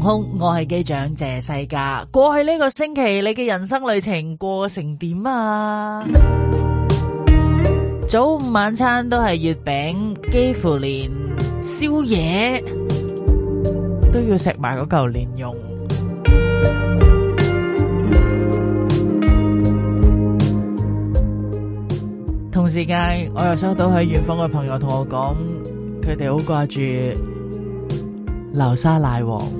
空，我係機長謝世界。過去呢個星期，你嘅人生旅程過成點啊？ 早午晚餐都係月餅，幾乎連宵夜都要食埋嗰嚿蓮蓉。 同時間，我又收到喺遠方嘅朋友同我講，佢哋好掛住流沙奶黃。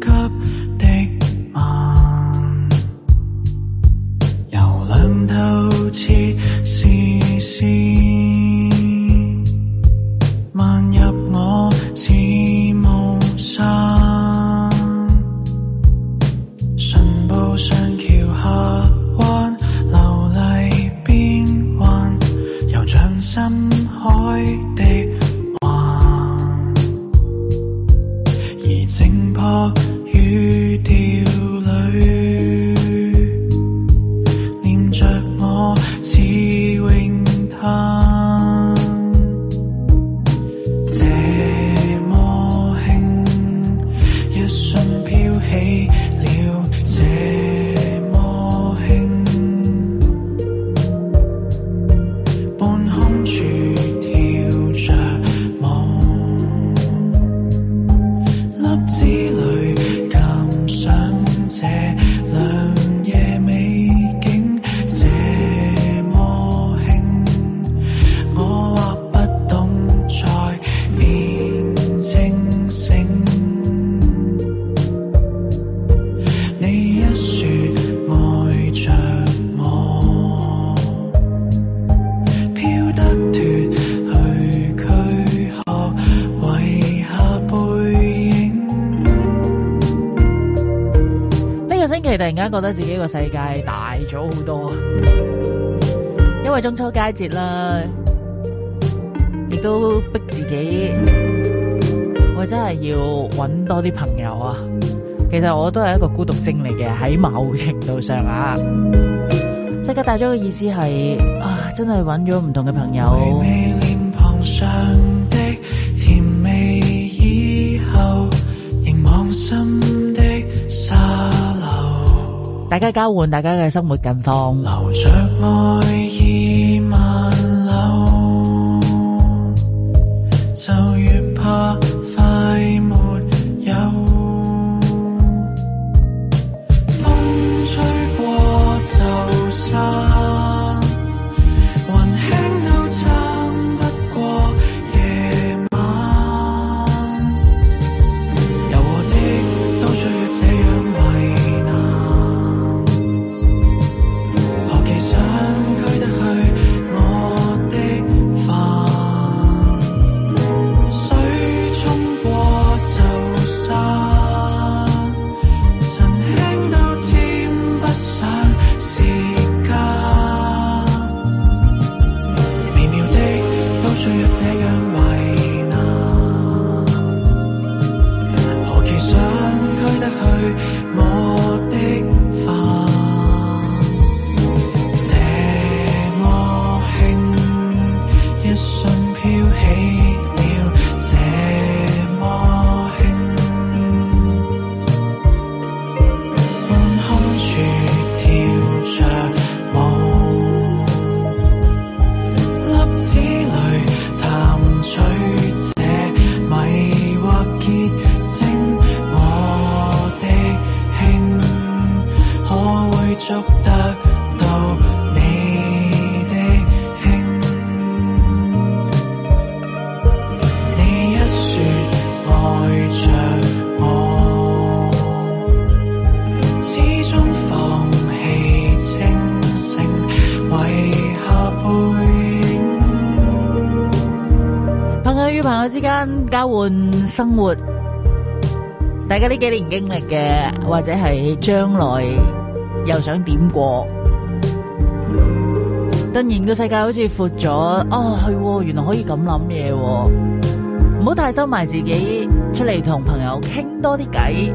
個世界大咗好多啊，因為中秋佳節啦，亦都逼自己，我真係要搵多啲朋友啊。其實我都係一個孤獨精嚟嘅，喺某程度上啊，世界大咗嘅意思係啊，真係搵咗唔同嘅朋友。大家交換大家嘅生活近況。交換生活，大家呢幾年經歷嘅，或者係將來又想點過？突然個世界好似闊咗，哦，係、哦，原來可以咁諗嘢，唔好太收埋自己，出嚟同朋友傾多啲偈。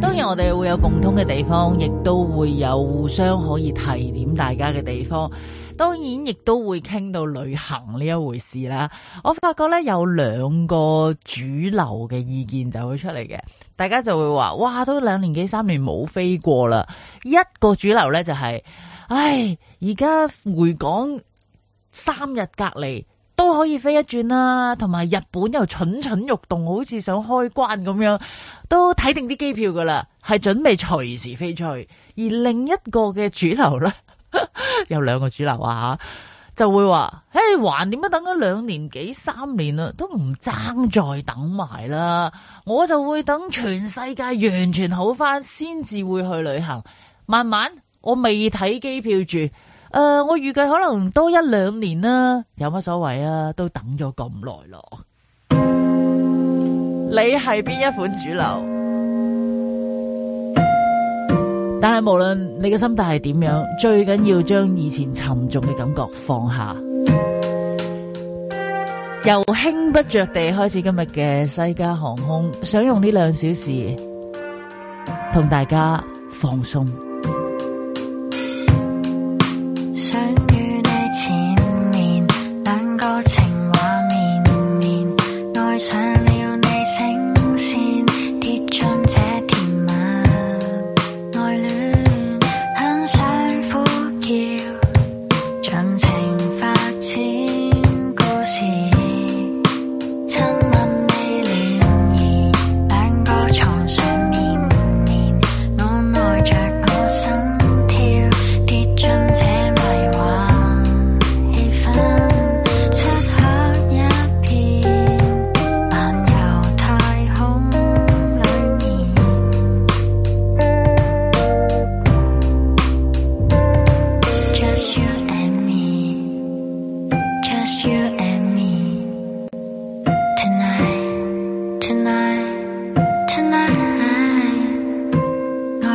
當然我哋會有共通嘅地方，亦都會有互相可以提點大家嘅地方。當然亦都會傾到旅行呢一回事啦。我發覺呢，有兩個主流嘅意見就會出嚟嘅，大家就會話：哇，都兩年幾三年冇飛過啦！一個主流呢，就係、是，唉，而家回港三日隔離都可以飛一轉啦，同埋日本又蠢蠢欲動，好似想開關咁樣，都睇定啲機票㗎喇，係準備隨時飛出去。而另一個嘅主流呢。 有兩個主流啊吓，就會話：，誒、hey,，還點樣等咗兩年幾三年啦，啊，都唔爭再等埋啦。我就會等全世界完全好返先至會去旅行。慢慢，我未睇機票住，誒、呃，我預計可能多一兩年啦，啊。有乜所謂啊？都等咗咁耐咯。你係邊一款主流？但係無論你嘅心態係點樣，最緊要將以前沉重嘅感覺放下。由輕不着地開始，今日嘅西加航空想用呢兩小時同大家放鬆。想與你纏綿，等個情話綿綿，愛上了你成仙，聲線。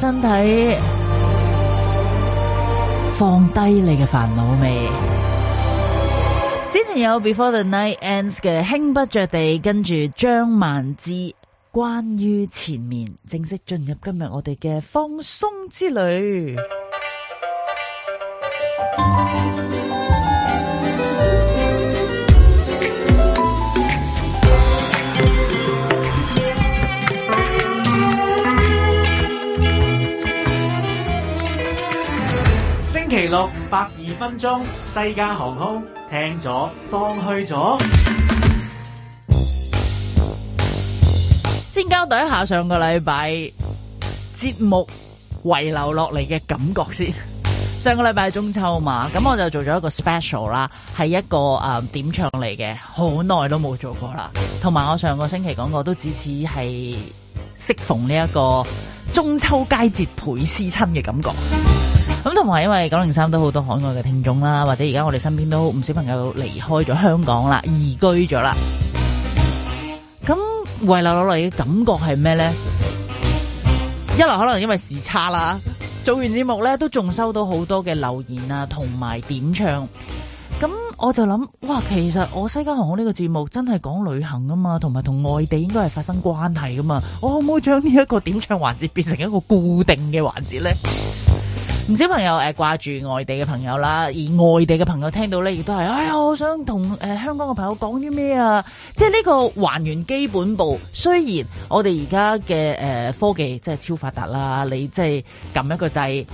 身體放低你嘅煩惱未？之前有 Before the Night Ends 嘅輕不着地，跟住張萬芝關於前面正式進入今日我哋嘅放鬆之旅。六百二分鐘，西加航空聽咗當去咗。先交代一下上個禮拜節目遺留落嚟嘅感覺先。上個禮拜中秋嘛，咁我就做咗一個 special 啦，係一個、呃、點唱嚟嘅，好耐都冇做過啦。同埋我上個星期講過，都只似係適逢呢一個中秋佳節倍思親嘅感覺。咁同埋，因為九零三都好多海外嘅聽眾啦，或者而家我哋身邊都唔少朋友離開咗香港啦，移居咗啦。咁回流落嚟嘅感覺係咩呢？一來可能因為時差啦，做完節目呢都仲收到好多嘅留言啊，同埋點唱。咁我就諗，哇，其實我西加航空呢個節目真係講旅行啊嘛，同埋同外地應該係發生關係噶嘛，我可唔可以將呢一個點唱環節變成一個固定嘅環節呢？唔少朋友掛住、呃、外地嘅朋友啦，而外地嘅朋友聽到咧，亦都係，哎呀，我想同、呃、香港嘅朋友講啲咩啊！即係呢個還原基本步。雖然我哋而家嘅科技真係超發達啦，你即係撳一個掣，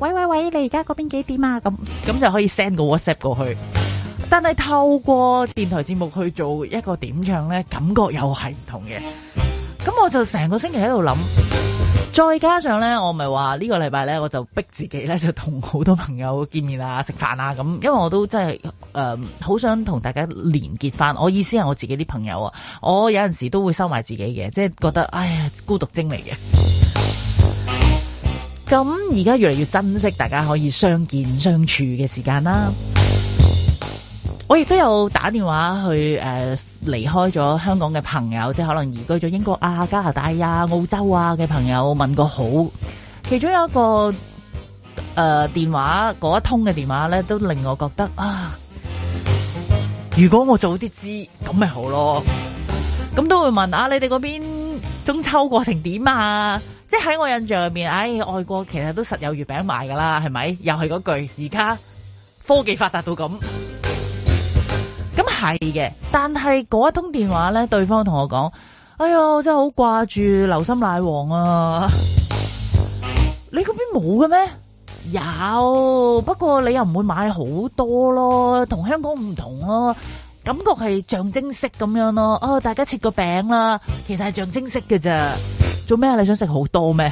喂喂喂，你而家嗰邊幾點啊？咁咁就可以 send 個 WhatsApp 過去。但係透過電台節目去做一個點唱咧，感覺又係唔同嘅。咁、嗯、我就成個星期喺度諗。再加上呢，我咪話呢個禮拜呢，我就逼自己呢，就同好多朋友見面啊、食飯啊咁，因為我都真係誒，好想同大家連結翻。我意思係我自己啲朋友啊，我有陣時都會收埋自己嘅，即係覺得唉呀孤獨精嚟嘅。咁而家越嚟越珍惜大家可以相見相處嘅時間啦。我亦都有打電話去誒，離、呃、開咗香港嘅朋友，即係可能移居咗英國啊、加拿大啊、澳洲啊嘅朋友，問過好，其中有一個誒、呃、電話嗰一通嘅電話咧，都令我覺得啊，如果我早啲知，咁咪好咯。咁都會問啊，你哋嗰邊中秋過成點啊？即係喺我印象入邊，唉，外國其實都實有月餅賣噶啦，係咪？又係嗰句，而家科技發達到咁。咁係嘅，但係嗰一通電話咧，對方同我講：哎呀，真係好掛住流心奶黃啊！你嗰邊冇嘅咩？有，不過你又唔會買好多咯，同香港唔同咯、啊，感覺係象徵式咁樣咯。哦，大家切個餅啦，其實係象徵式嘅啫。做咩？你想食好多咩？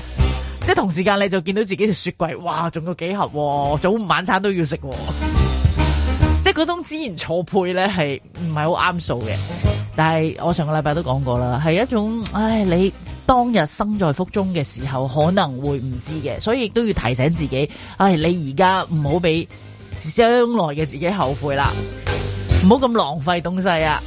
即係同時間你就見到自己隻雪櫃，哇，仲有幾盒、啊，早午晚餐都要食、啊。即係嗰種資源錯配咧，係唔係好啱數嘅？但係我上個禮拜都講過啦，係一種唉，你當日生在福中嘅時候，可能會唔知嘅，所以亦都要提醒自己，唉，你而家唔好俾將來嘅自己後悔啦，唔好咁浪費東西啊！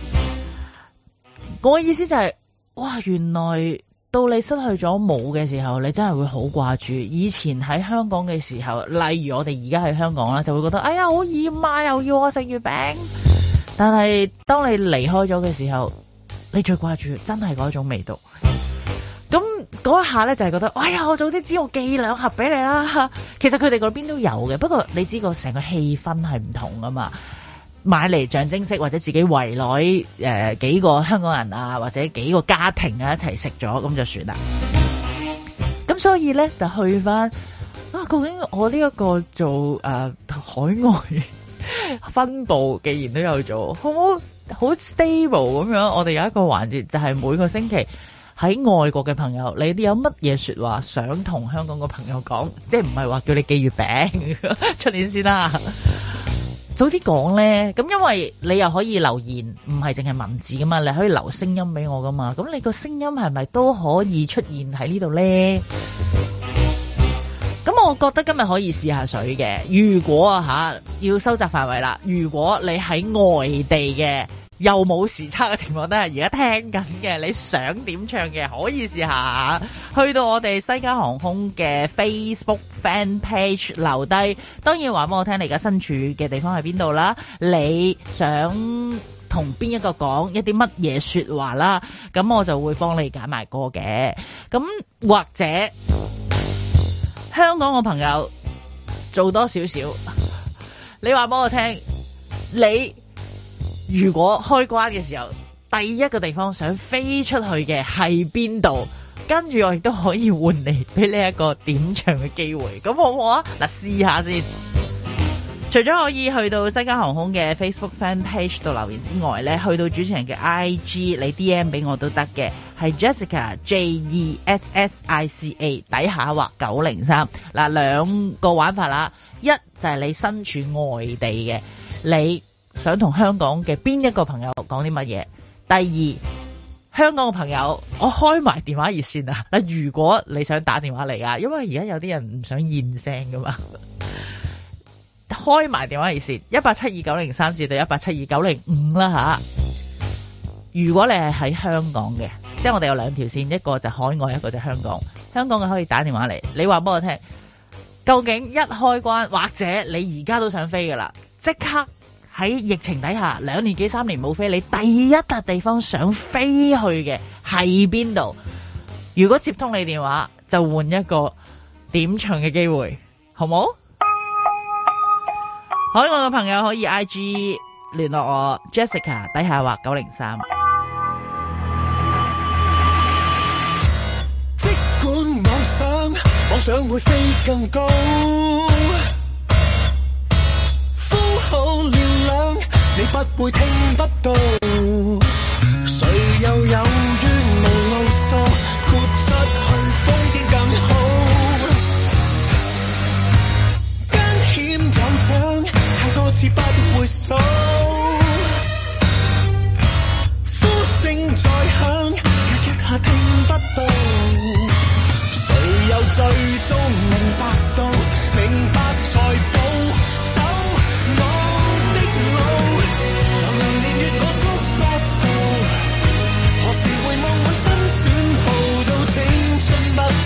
我、那個、意思就係、是，哇，原來～到你失去咗冇嘅時候，你真係會好掛住。以前喺香港嘅時候，例如我哋而家喺香港啦，就會覺得哎呀，好厭啊，又要我食月餅。但係當你離開咗嘅時候，你最掛住真係嗰種味道。咁嗰一下呢，就係、是、覺得，哎呀，我早啲知道我寄兩盒俾你啦。其實佢哋嗰邊都有嘅，不過你知個成個氣氛係唔同㗎嘛。買嚟象徵式或者自己圍內、呃、幾個香港人啊，或者幾個家庭啊一齊食咗咁就算啦。咁 所以咧就去返啊，究竟我呢一個做誒、呃、海外 分部，既然都有做，好唔好？好 stable 咁樣。我哋有一個環節就係、是、每個星期喺外國嘅朋友，你哋有乜嘢説話想同香港個朋友講？即係唔係話叫你寄月餅出 年先啦？早啲講呢，咁因為你又可以留言，唔係淨係文字噶嘛，你可以留聲音俾我噶嘛，咁你個聲音係咪都可以出現喺呢度呢？咁 我覺得今日可以試下水嘅，如果啊吓要收集範圍啦，如果你喺外地嘅。又冇時差嘅情況都係，而家聽緊嘅，你想點唱嘅可以試一下。去到我哋西加航空嘅 Facebook fan page 留低，當然話俾我聽你而家身處嘅地方喺邊度啦。你想同邊一個講一啲乜嘢說話啦？咁我就會幫你揀埋歌嘅。咁或者香港嘅朋友做多少少，你話俾我聽你。如果開關嘅時候，第一個地方想飛出去嘅係邊度？跟住我亦都可以換嚟俾你一個點唱嘅機會，咁好唔好啊？嗱，試下先。 除咗可以去到西加航空嘅 Facebook fan page 度留言之外呢，去到主持人嘅 IG，你 DM 俾我都得嘅，係 Jessica J E S S I C A 底下畫九零三。嗱，兩個玩法啦，一就係你身處外地嘅你。想同香港嘅邊一個朋友講啲乜嘢？第二，香港嘅朋友，我開埋電話熱線啊！嗱，如果你想打電話嚟啊，因為而家有啲人唔想現聲噶嘛，開埋電話熱線一八七二九零三至到一八七二九零五啦吓。如果你係喺香港嘅，即係我哋有兩條線，一個就海外，一個就香港。香港嘅可以打電話嚟，你話俾我聽，究竟一開關或者你而家都想飛噶啦，即刻。喺疫情底下兩年幾三年冇飛，你第一笪地方想飛去嘅係邊度？如果接通你的電話，就換一個點唱嘅機會，好冇？海外嘅朋友可以 I G 聯絡我 Jessica，底下話九零三。 即管我你不會聽不到，誰又有冤無路訴，豁出去風景更好。風險有獎，太多次不會數。呼聲再響，也一下聽不到。誰又最終明白到？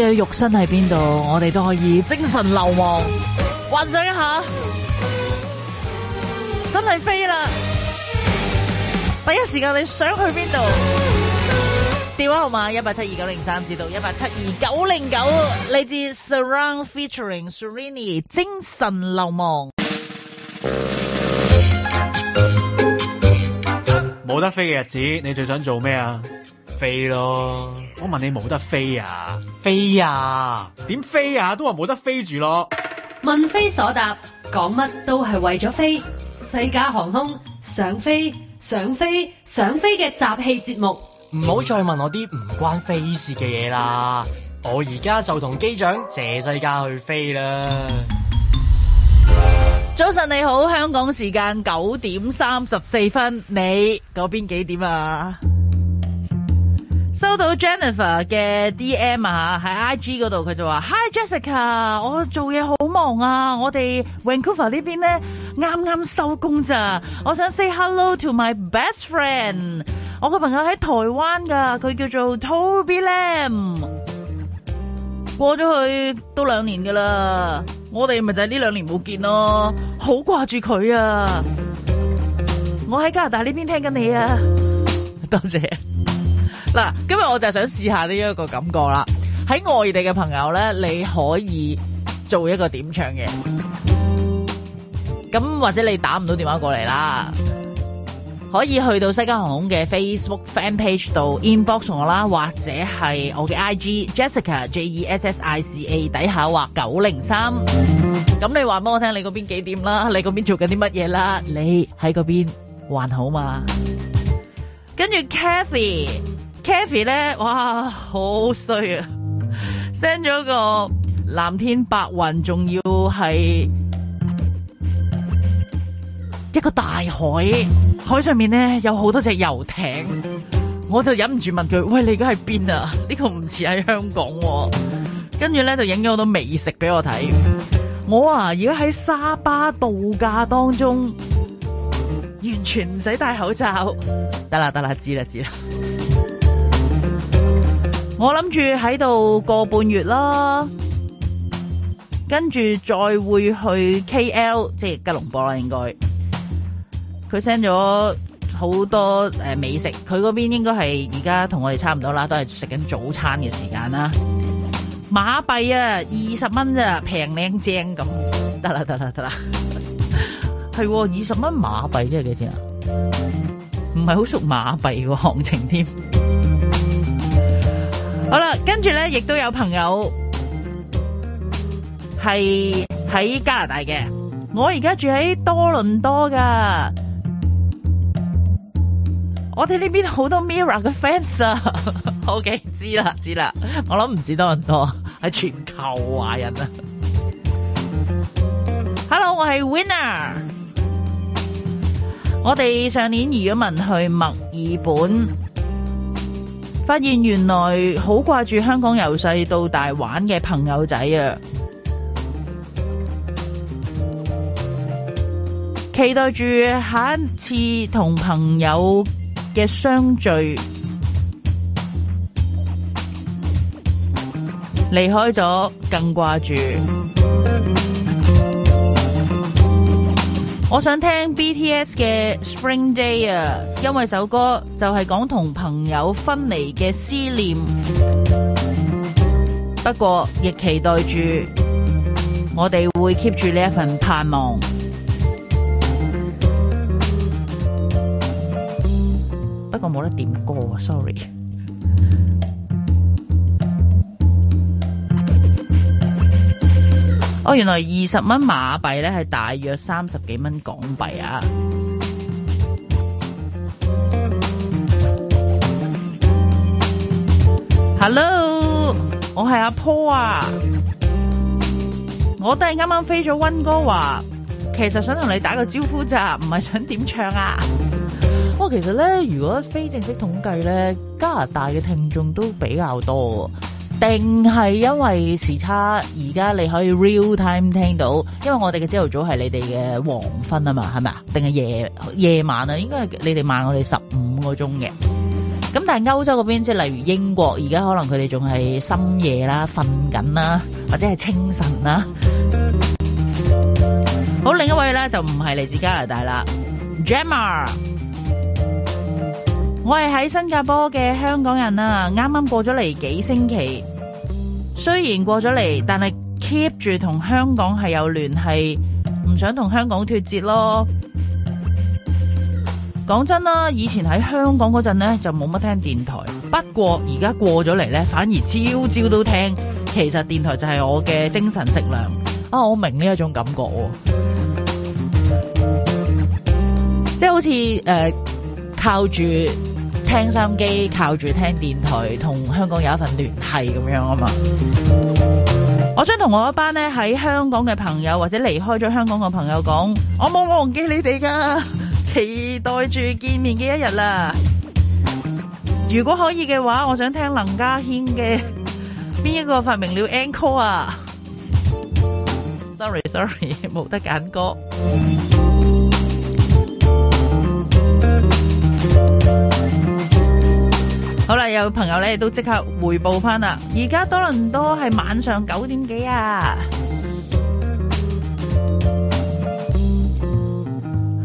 嘅肉身喺邊度，我哋都可以精神流亡，幻想一下，真係飛啦！第一時間你想去邊度？電話號碼一八七二九零三，至到一八七二九零九，嚟自 Surround Featuring Serini，精神流亡。冇得飛嘅日子，你最想做咩啊？飛咯！我問你冇得飛啊？飛啊？點飛啊？都話冇得飛住咯。問非所答，講乜都係為咗飛。西加航空，想飛想飛想飛嘅集氣節目。唔好，嗯、再問我啲唔關飛事嘅嘢啦。我而家就同機長謝西加去飛啦。早晨你好，香港時間九點三十四分，你嗰邊幾點啊？收到 Jennifer 嘅 DM 啊，喺 IG 嗰度佢就話 Hi Jessica，我做嘢好忙啊，我哋 Vancouver 呢邊咧啱啱收工咋，我想 say hello to my best friend，我個朋友喺台灣噶，佢叫做 Toby Lam，過咗去都兩年噶啦，我哋咪就係呢兩年冇見咯，好掛住佢啊，我喺加拿大呢邊聽緊你啊，多謝。嗱，今日我就係想試下呢一個感覺啦。喺外地嘅朋友咧，你可以做一個點唱嘅。咁或者你打唔到電話過嚟啦，可以去到西加航空嘅 Facebook Fan Page 度 inbox 我啦，或者係我嘅 IG Jessica J E S S I C A 底下話九零三。咁你話幫我聽你嗰邊幾點啦？你嗰邊做緊啲乜嘢啦？你喺嗰邊還好嘛？跟住 Cathy。Kavy 咧，哇，好衰啊！send 咗 個藍天白雲，仲要係一個大海，海上面咧有好多隻遊艇。我就忍唔住問佢：喂，你而家喺邊啊？呢個唔似喺香港啊。跟住咧就影咗好多美食俾我睇。我啊，而家喺沙巴度假當中，完全唔使戴口罩。得啦，得啦，知啦，知啦。我諗住喺度個半月啦，跟住再會去 KL，即係吉隆坡啦，啊。應該佢 send 咗好多誒美食，佢嗰邊應該係、啊、而家同我哋差唔多行啦，行啦，行啦，行啦，都係食緊早餐嘅時間啦。馬幣啊，二十蚊啫，平靚正咁。得啦得啦得啦，係二十蚊馬幣即係幾錢啊？唔係好熟馬幣嘅行情添。好啦，跟住咧，亦都有朋友係喺加拿大嘅。我而家住喺多倫多㗎，我哋呢邊好多 Mirror 嘅 fans 啊。 o、okay, K，知啦知啦，我諗唔止多倫多，係全球華人啊。Hello，我係 Winner。我哋上年移咗民去墨爾本。發現原來好掛住香港由細到大玩嘅朋友仔啊！期待住下一次同朋友嘅相聚。離開咗，更掛住。我想聽 BTS 嘅 Spring Day 啊，因為首歌就係講同朋友分離嘅思念。不過亦期待住，我哋會 keep 住呢一份盼望。不過冇得點歌啊，sorry。我、哦、原來二十蚊馬幣咧係大約三十幾蚊港幣啊！Hello，我係阿 Paul 啊！我都係啱啱飛咗溫哥華，其實想同你打個招呼咋，唔係想點唱啊！不、哦、我其實咧，如果非正式統計咧，加拿大嘅聽眾都比較多。定係因為時差，而家你可以 real time 聽到，因為我哋嘅朝頭早係你哋嘅黃昏啊嘛，係咪啊？定係夜夜晚啊？應該係你哋晚我15，我哋十五個鐘嘅。咁但係歐洲嗰邊，即係例如英國，而家可能佢哋仲係深夜啦、瞓緊啦，或者係清晨啦。好，另一位咧就唔係嚟自加拿大啦，Jammer，我係喺新加坡嘅香港人啊，啱啱過咗嚟幾星期。雖然過咗嚟，但係 keep 住同香港係有聯繫，唔想同香港脫節咯。講真啦，以前喺香港嗰陣呢，就冇乜聽電台，不過而家過咗嚟呢，反而朝朝都聽。其實電台就係我嘅精神食糧啊！我明呢一種感覺，嗯、即係好似誒、呃、靠住。聽收音機，靠住聽電台，同香港有一份聯繫咁樣啊嘛。我想同我一班咧喺香港嘅朋友或者離開咗香港嘅朋友講，我冇忘記你哋噶，期待住見面嘅一日啦。如果可以嘅話，我想聽林家謙嘅邊一個發明了 Ancho 啊？Sorry，Sorry，冇得揀歌。好啦，有朋友咧都即刻回報返啦。而家多倫多係晚上九點幾啊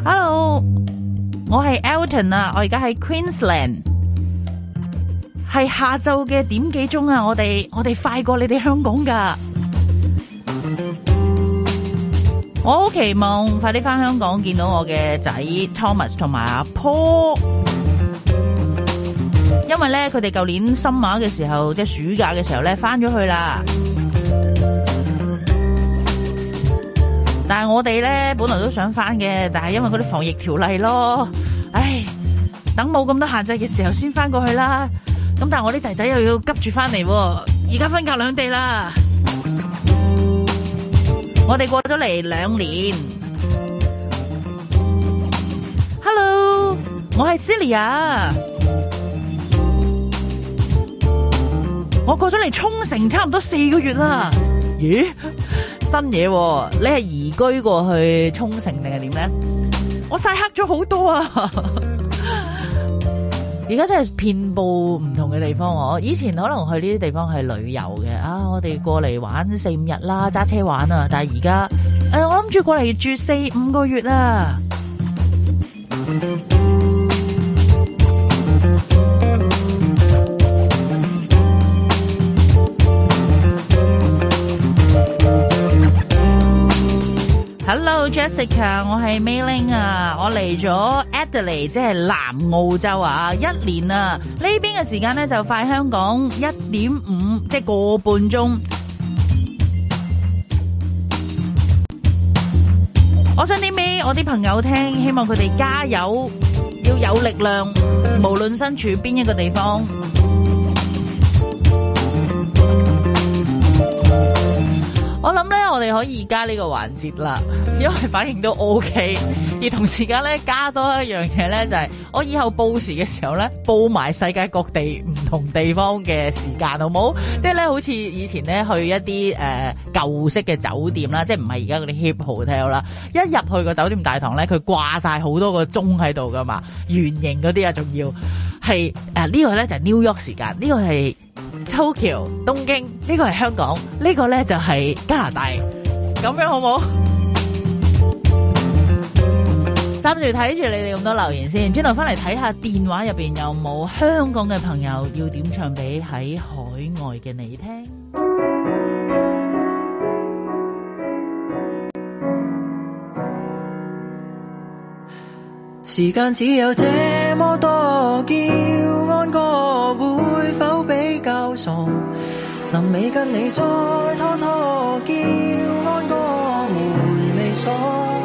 ？Hello，我係 Elton 啊，我而家喺 Queensland，係下晝嘅點幾鐘啊？我哋我哋快過你哋香港㗎。我好期望快啲返香港見到我嘅仔 Thomas 同埋阿 Paul。因為咧，佢哋舊年新馬嘅時候，即係暑假嘅時候咧，翻咗去啦。但係我哋咧，本來都想翻嘅，但係因為嗰啲防疫條例咯，唉，等冇咁多限制嘅時候先翻過去啦。咁但係我啲仔仔又要急住翻嚟，而家分隔兩地啦。我哋過咗嚟兩年。Hello，我係 Celia。我過咗嚟沖繩差唔多四個月啦，咦？新嘢喎，你係移居過去沖繩定係點咧？我晒黑咗好多啊！而 家真係遍布唔同嘅地方喎，我以前可能去呢啲地方係旅遊嘅啊，我哋過嚟玩四五日啦，揸車玩啊！但係而家，誒、呃，我諗住過嚟住四五個月啊！Hello，Jessica，我係 Mayling 啊，我嚟咗 Adelaide，即係南澳洲啊，一年啊，呢邊嘅時間咧就快香港一點五，即係個半鐘。我想啲咩？我啲朋友聽，希望佢哋加油，要有力量，無論身處邊一個地方。我諗咧，我哋可以加呢個環節啦，因為反應都 O K。而同時間咧，加多一樣嘢咧，就係我以後報時嘅時候咧，報埋世界各地唔同地方嘅時間，好冇？即係咧，好似以前咧，去一啲誒舊式嘅酒店啦，即係唔係而家嗰啲 hip hotel 啦，一入去個酒店大堂咧，佢掛晒好多個鐘喺度噶嘛，圓形嗰啲啊，仲要係誒呢個咧就係 New York 時間，呢個係 Tokyo 東京，呢個係香港，呢個咧就係加拿大，咁樣好冇？諗住睇住你哋咁多留言先，轉頭翻嚟睇下電話入邊有冇香港嘅朋友要點唱俾喺海外嘅你聽。時間只有這麼多，叫安哥會否比較傻？臨尾跟你再拖拖，叫安哥門未鎖。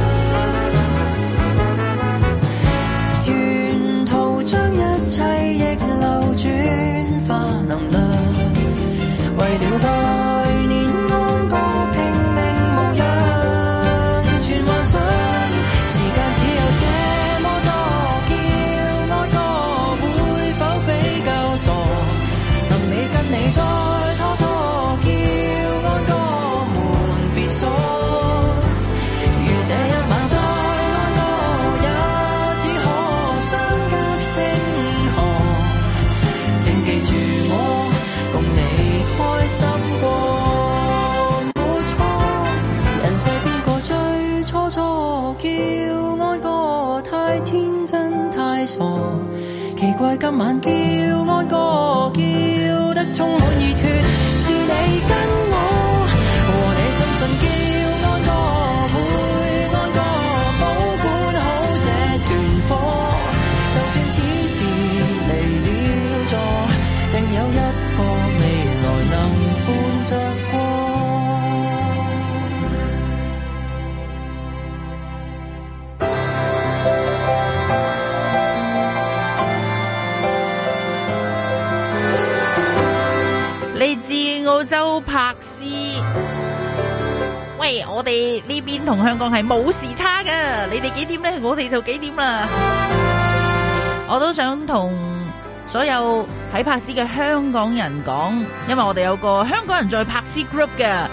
為今晚叫安歌，叫得充滿熱血。是你跟我，和你心信叫安歌，會安歌保管好這團火，就算此時離了座，定有一。呢邊同香港係冇時差噶，你哋幾點咧？我哋就幾點啦。我都想同所有喺柏斯嘅香港人講，因為我哋有個香港人在柏斯 group 嘅，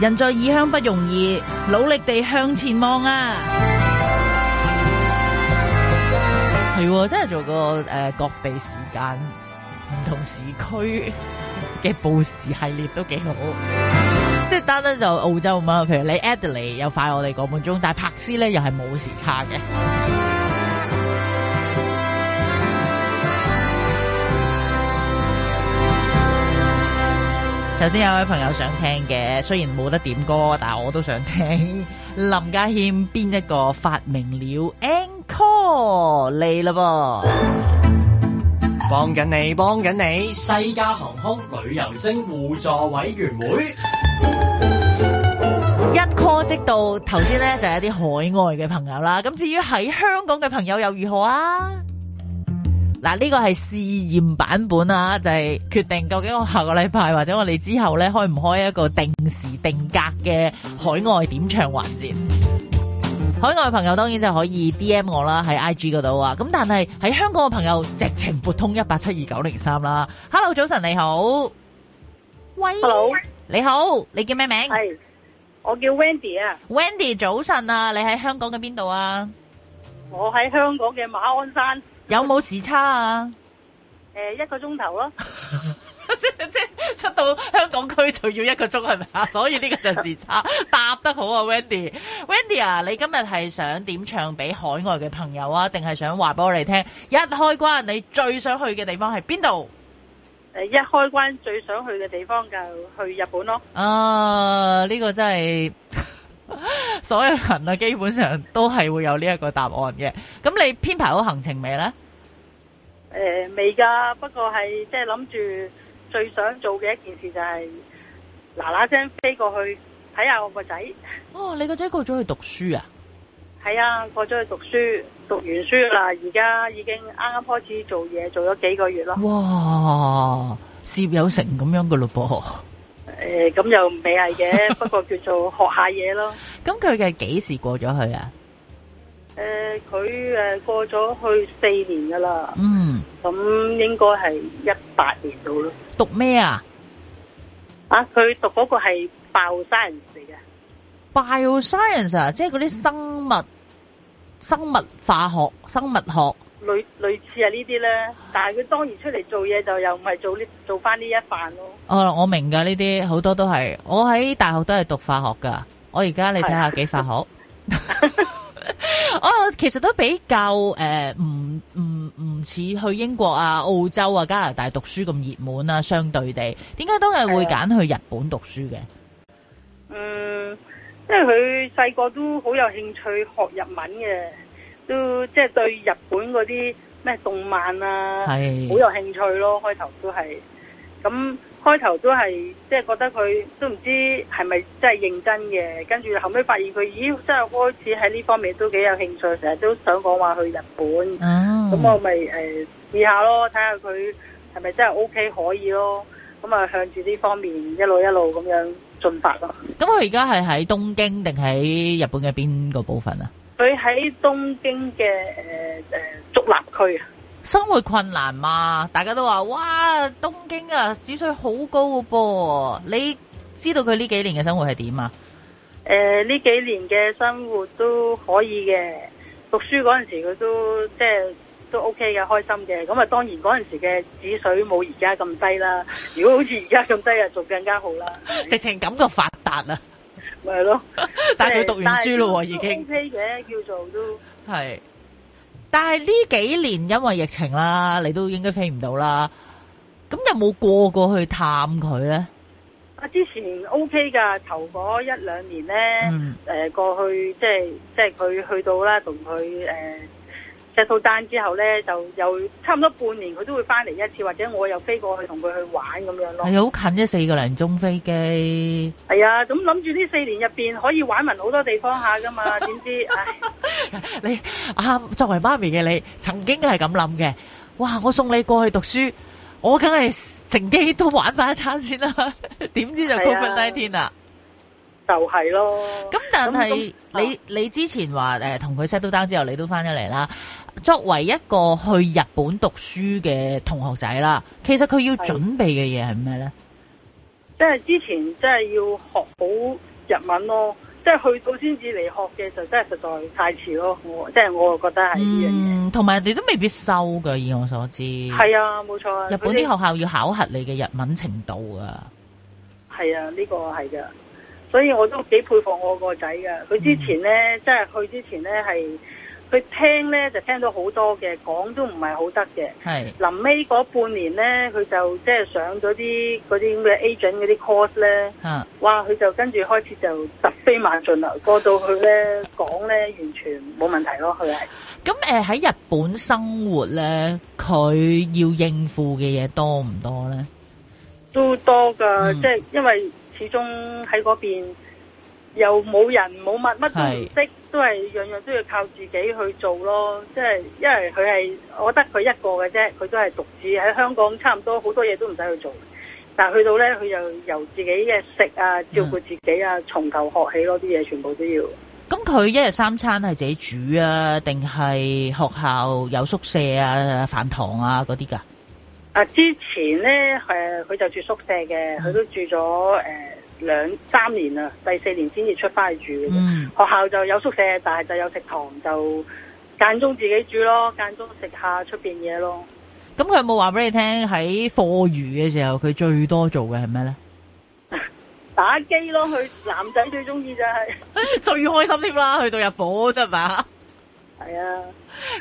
人在異鄉不容易，努力地向前望啊！係，真係做個誒各地時間唔同時區嘅報時系列都幾好。即係單單就澳洲嘛，譬如你 Adelaide 又快我哋個半鐘，但係珀斯咧又係冇時差嘅。頭先 有一位朋友想聽嘅，雖然冇得點歌，但我都想聽林家謙邊一個發明了 Encore 你嚟啦噃。幫緊你，幫緊你，西加航空旅遊精互助委員會一 call 即到，頭先呢，就係一啲海外嘅朋友啦。咁至於喺香港嘅朋友又如何啊？嗱，呢個係試驗版本啊，就係決定究竟我下個禮拜或者我哋之後呢，開唔開一個定時定格嘅海外點唱環節。海外嘅朋友當然就可以 D M 我啦，喺 I G 嗰度啊。咁但係喺香港嘅朋友直情撥通一八七二九零三啦。Hello，早晨，你好，喂，Hello. 你好，你叫咩名？係，我叫 Wendy 啊。Wendy，早晨啊，你喺香港嘅邊度啊？我喺香港嘅馬鞍山。 有冇時差啊？誒、呃，一個鐘頭咯。 即即 出到香港區就要一個鐘係咪啊？所以呢個就係時差 答得好啊，Wendy。Wendy 啊，你今日係想點唱俾海外嘅朋友啊？定係想話俾我哋聽？一開關你最想去嘅地方係邊度？誒，一開關最想去嘅地方就去日本咯。啊，呢、這個真係 所有人啊，基本上都係會有呢一個答案嘅。咁你編排好行程未呢？誒、呃，未噶，不過係即係諗住。就是最想做嘅一件事就係嗱嗱聲飛過去睇下我個仔。哦，你個仔過咗去讀書啊？係啊，過咗去讀書，讀完書啦，而家已經啱啱開始做嘢，做咗幾個月咯。哇，事業有成咁樣噶咯噃？誒、欸，咁又唔未係嘅， 不過叫做學下嘢咯。咁佢嘅幾時過咗去啊？誒，佢誒、呃呃、過咗去四年噶啦，嗯，咁、嗯、應該係一八年到咯。讀咩啊？啊，佢讀嗰個係 bio science 嚟嘅。Bio science 啊，即係嗰啲生物、嗯、生物化學、生物學，類類似係呢啲咧。但係佢當然出嚟做嘢就又唔係做呢做翻呢一範咯。哦，我明噶呢啲好多都係，我喺大學都係讀化學噶。我而家你睇下幾化學。是的笑 哦，其實都比較誒，唔唔唔似去英國啊、澳洲啊、加拿大讀書咁熱門啊，相對地，點解都係會揀去日本讀書嘅、呃？嗯，即係佢細個都好有興趣學日文嘅，都即係、就是、對日本嗰啲咩動漫啊，係好是有興趣咯，開頭都係。咁開頭都係即係覺得佢都唔知係咪真係認真嘅，跟住後尾發現佢，咦，真係開始喺呢方面都幾有興趣，成日都想講話去日本。咁、哦、我咪、呃、試下咯，睇下佢係咪真係 OK 可以咯，咁啊向住呢方面一路一路咁樣進發咯。咁佢而家係喺東京定喺日本嘅邊個部分啊？佢喺東京嘅誒誒竹立區啊。生活困難嘛？大家都話哇，東京啊，止水好高喎噃。你知道佢呢幾年嘅生活係點啊？誒、呃，呢幾年嘅生活都可以嘅。讀書嗰陣時佢都即係都 OK 嘅，開心嘅。咁啊，當然嗰陣時嘅止水冇而家咁低啦。 如果好似而家咁低啊，仲更加好啦。直情感覺發達呀，咪咯，但係佢讀完是書咯，已經 OK 嘅，叫做都係。但係呢幾年因為疫情啦，你都應該飛唔到啦。咁有冇過過去探佢咧？啊，之前 OK 㗎，頭嗰一兩年咧，誒、嗯、過去即係即係佢去到啦，同佢誒。set 到單之後咧，就又差唔多半年，佢都會翻嚟一次，或者我又飛過去同佢去玩咁樣咯。係好、哎、近啫，四個零鐘飛機。係啊，咁諗住呢四年入邊可以玩埋好多地方下噶嘛？點 知唉，哎、你阿、啊、作為媽咪嘅你，曾經係咁諗嘅。哇！我送你過去讀書，我梗係乘機都玩翻一餐先啦。點知就 COVID 瞓低天啦，就係、是、咯。咁但係你你、哦、你之前話誒同佢 set 到單之後，你都翻咗嚟啦。作為一個去日本讀書嘅同學仔啦，其實佢要準備嘅嘢係咩咧？即係之前，即係要學好日文咯，即係去到先至嚟學嘅，就真係實在太遲咯。我即係我，覺得係呢樣嘢。嗯，同埋你都未必收噶，以我所知。係啊，冇錯啊。日本啲學校要考核你嘅日文程度啊。係啊，呢個係噶。所以我都幾佩服我個仔噶。佢之前咧，即係去之前咧係。是佢聽咧就聽到好多嘅，講都唔係好得嘅。係是。臨尾嗰半年咧，佢就即係上咗啲嗰啲咁嘅 agent 嗰啲 course 咧。呢啊。哇！佢就跟住開始就突飛猛進啦。過到去咧，講咧完全冇問題咯。佢係。咁誒喺日本生活咧，佢要應付嘅嘢多唔多咧？都多㗎，嗯、即係因為始終喺嗰邊。又冇人冇物乜都唔識，都係樣樣都要靠自己去做咯。即係因為佢係我覺得佢一個嘅啫，佢都係獨自喺香港，差唔多好多嘢都唔使去做。但係去到呢，佢又由自己嘅食啊、照顧自己啊、從頭學起咯。啲嘢全部都要。咁佢、嗯、一日三餐係自己煮啊，定係學校有宿舍啊、飯堂啊嗰啲噶？之前呢，佢、呃、就住宿舍嘅，佢都住咗誒，兩三年啦，第四年先至出翻去住嘅。嗯、學校就有宿舍，但係就有食堂，就間中自己煮咯，間中食下出邊嘢咯。咁佢有冇話俾你聽喺課餘嘅時候佢最多做嘅係咩咧？打機咯，佢男仔最中意就係最開心添啦，去到入伙，都係嘛。係啊，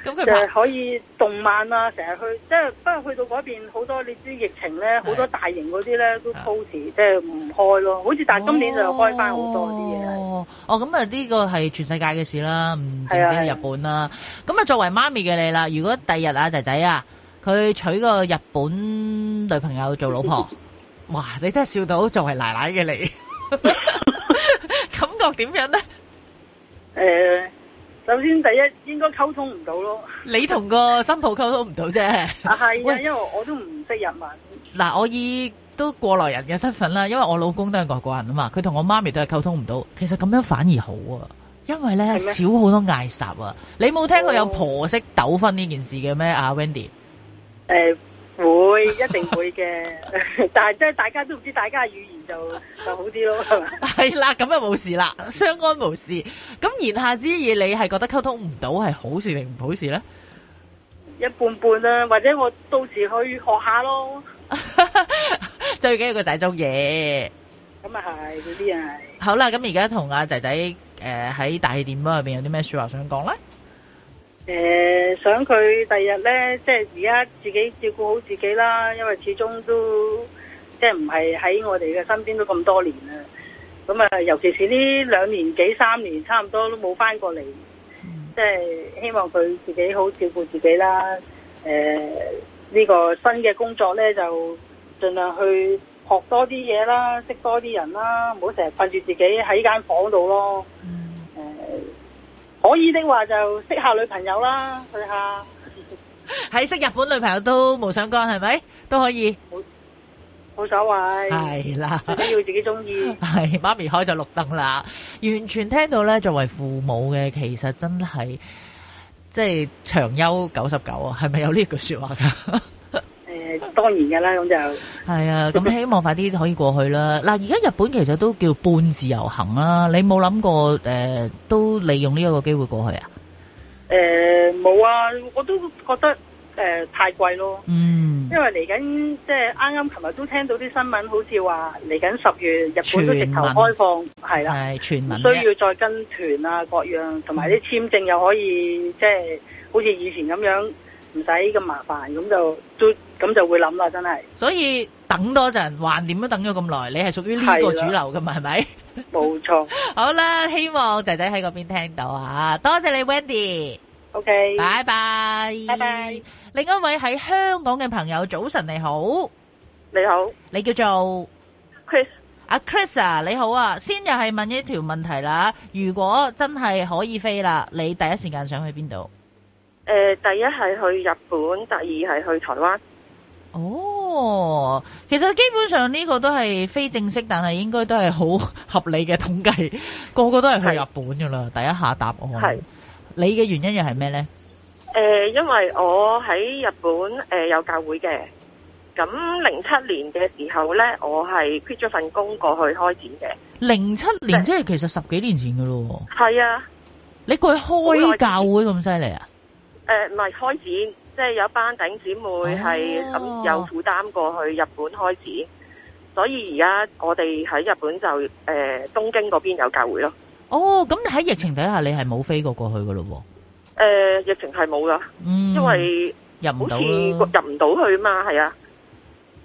咁就係可以動漫啊，成日去，即係不過去到嗰邊好多你知疫情咧，好多大型嗰啲咧都 post 即係唔開咯，好似但係今年就開翻好多啲嘢，哦。哦，哦咁啊，呢、哦哦哦哦哦哦嗯這個係全世界嘅事啦，唔淨止係日本啦。咁啊，啊，作為媽咪嘅你啦，如果第日啊仔仔啊，佢娶個日本女朋友做老婆， 哇！你真係笑到，作為奶奶嘅你， 感覺點樣咧？誒、欸。首先第一應該溝通唔到咯，你同個新抱溝通唔到啫， 啊係啊，因為我都唔識日文。嗱、啊，我以都過來人嘅身份啦，因為我老公都係外國人啊嘛，佢同我媽咪都係溝通唔到。其實咁樣反而好、啊，因為咧嗎少好多嗌殺、啊。你冇聽過有婆媳糾紛呢件事嘅咩？阿、oh. uh, Wendy。Uh, 會一定會嘅， 但係即係大家都唔知大家嘅語言就就好啲咯，係嘛？ 係啦，咁啊冇事啦，相安無事。咁言下之意，你係覺得溝通唔到係好事定唔好事咧？一半半啦、啊，或者我到時去學一下咯。 最緊要個仔做嘢。咁啊係，嗰啲人係。好啦，咁而家同阿仔仔誒喺大氣電波嗰入邊有啲咩說話想講咧？誒、呃，想佢第日咧，即係而家自己照顧好自己啦，因為始終都即係唔係喺我哋嘅身邊都咁多年啦。咁啊，尤其是呢兩年幾三年，差唔多都冇返過嚟，即係希望佢自己好照顧自己啦。誒、呃，呢、這個新嘅工作咧，就盡量去學多啲嘢啦，識多啲人啦，唔好成日困住自己喺間房度咯。可以的話就識下女朋友啦，去下喺識日本女朋友都冇相干，係咪？都可以，冇所謂。係啦，只要自己中意。係媽咪開咗綠燈啦，完全聽到咧。作為父母嘅，其實真係即係長休九十九啊，係咪有呢句說話噶？誒，當然嘅啦，咁就係啊，咁 希望快啲可以過去啦。嗱，而家日本其實都叫半自由行啦，你冇諗過誒、呃，都利用呢一個機會過去啊？誒、呃，冇啊，我都覺得誒、呃、太貴咯。嗯，因為嚟緊即係啱啱，琴日，都聽到啲新聞，好似話嚟緊十月日本都直頭開放，係啦係，啊、全民需要再跟團啊，各樣同埋啲簽證又可以即係好似以前咁樣。唔使咁麻煩，咁就都咁就，就會諗啦，真係。所以等多陣，橫掂都等咗咁耐，你係屬於呢個主流噶嘛？係咪的？冇錯。錯好啦，希望仔仔喺嗰邊聽到啊！多謝你，Wendy。OK。拜拜。拜拜。另一位喺香港嘅朋友，早晨你好。你好。你，好你叫做 Chris。阿 Chris 啊，你好啊，先又係問一條問題啦。如果真係可以飛啦，你第一時間想去邊度？誒、呃，第一係去日本，第二係去台灣。哦，其實基本上呢個都係非正式，但係應該都係好合理嘅統計。個個都係去日本噶啦是第一下答案係是你嘅原因又係咩呢？誒、呃，因為我喺日本誒、呃、有教會嘅，咁零七年嘅時候呢，我係 quit 咗份工過去開展嘅。零七年即係其實十幾年前噶咯。係啊，你過去開教會咁犀利啊！誒，唔係、呃、開展，即係有一班頂姊妹係咁有負擔過去日本開展，哦、所以而家我哋喺日本就誒、呃、東京嗰邊有教會咯。哦，咁你喺疫情底下你係冇飛過過去噶咯？誒、呃、疫情係冇噶，嗯，因為入唔到入唔到去嘛，係啊，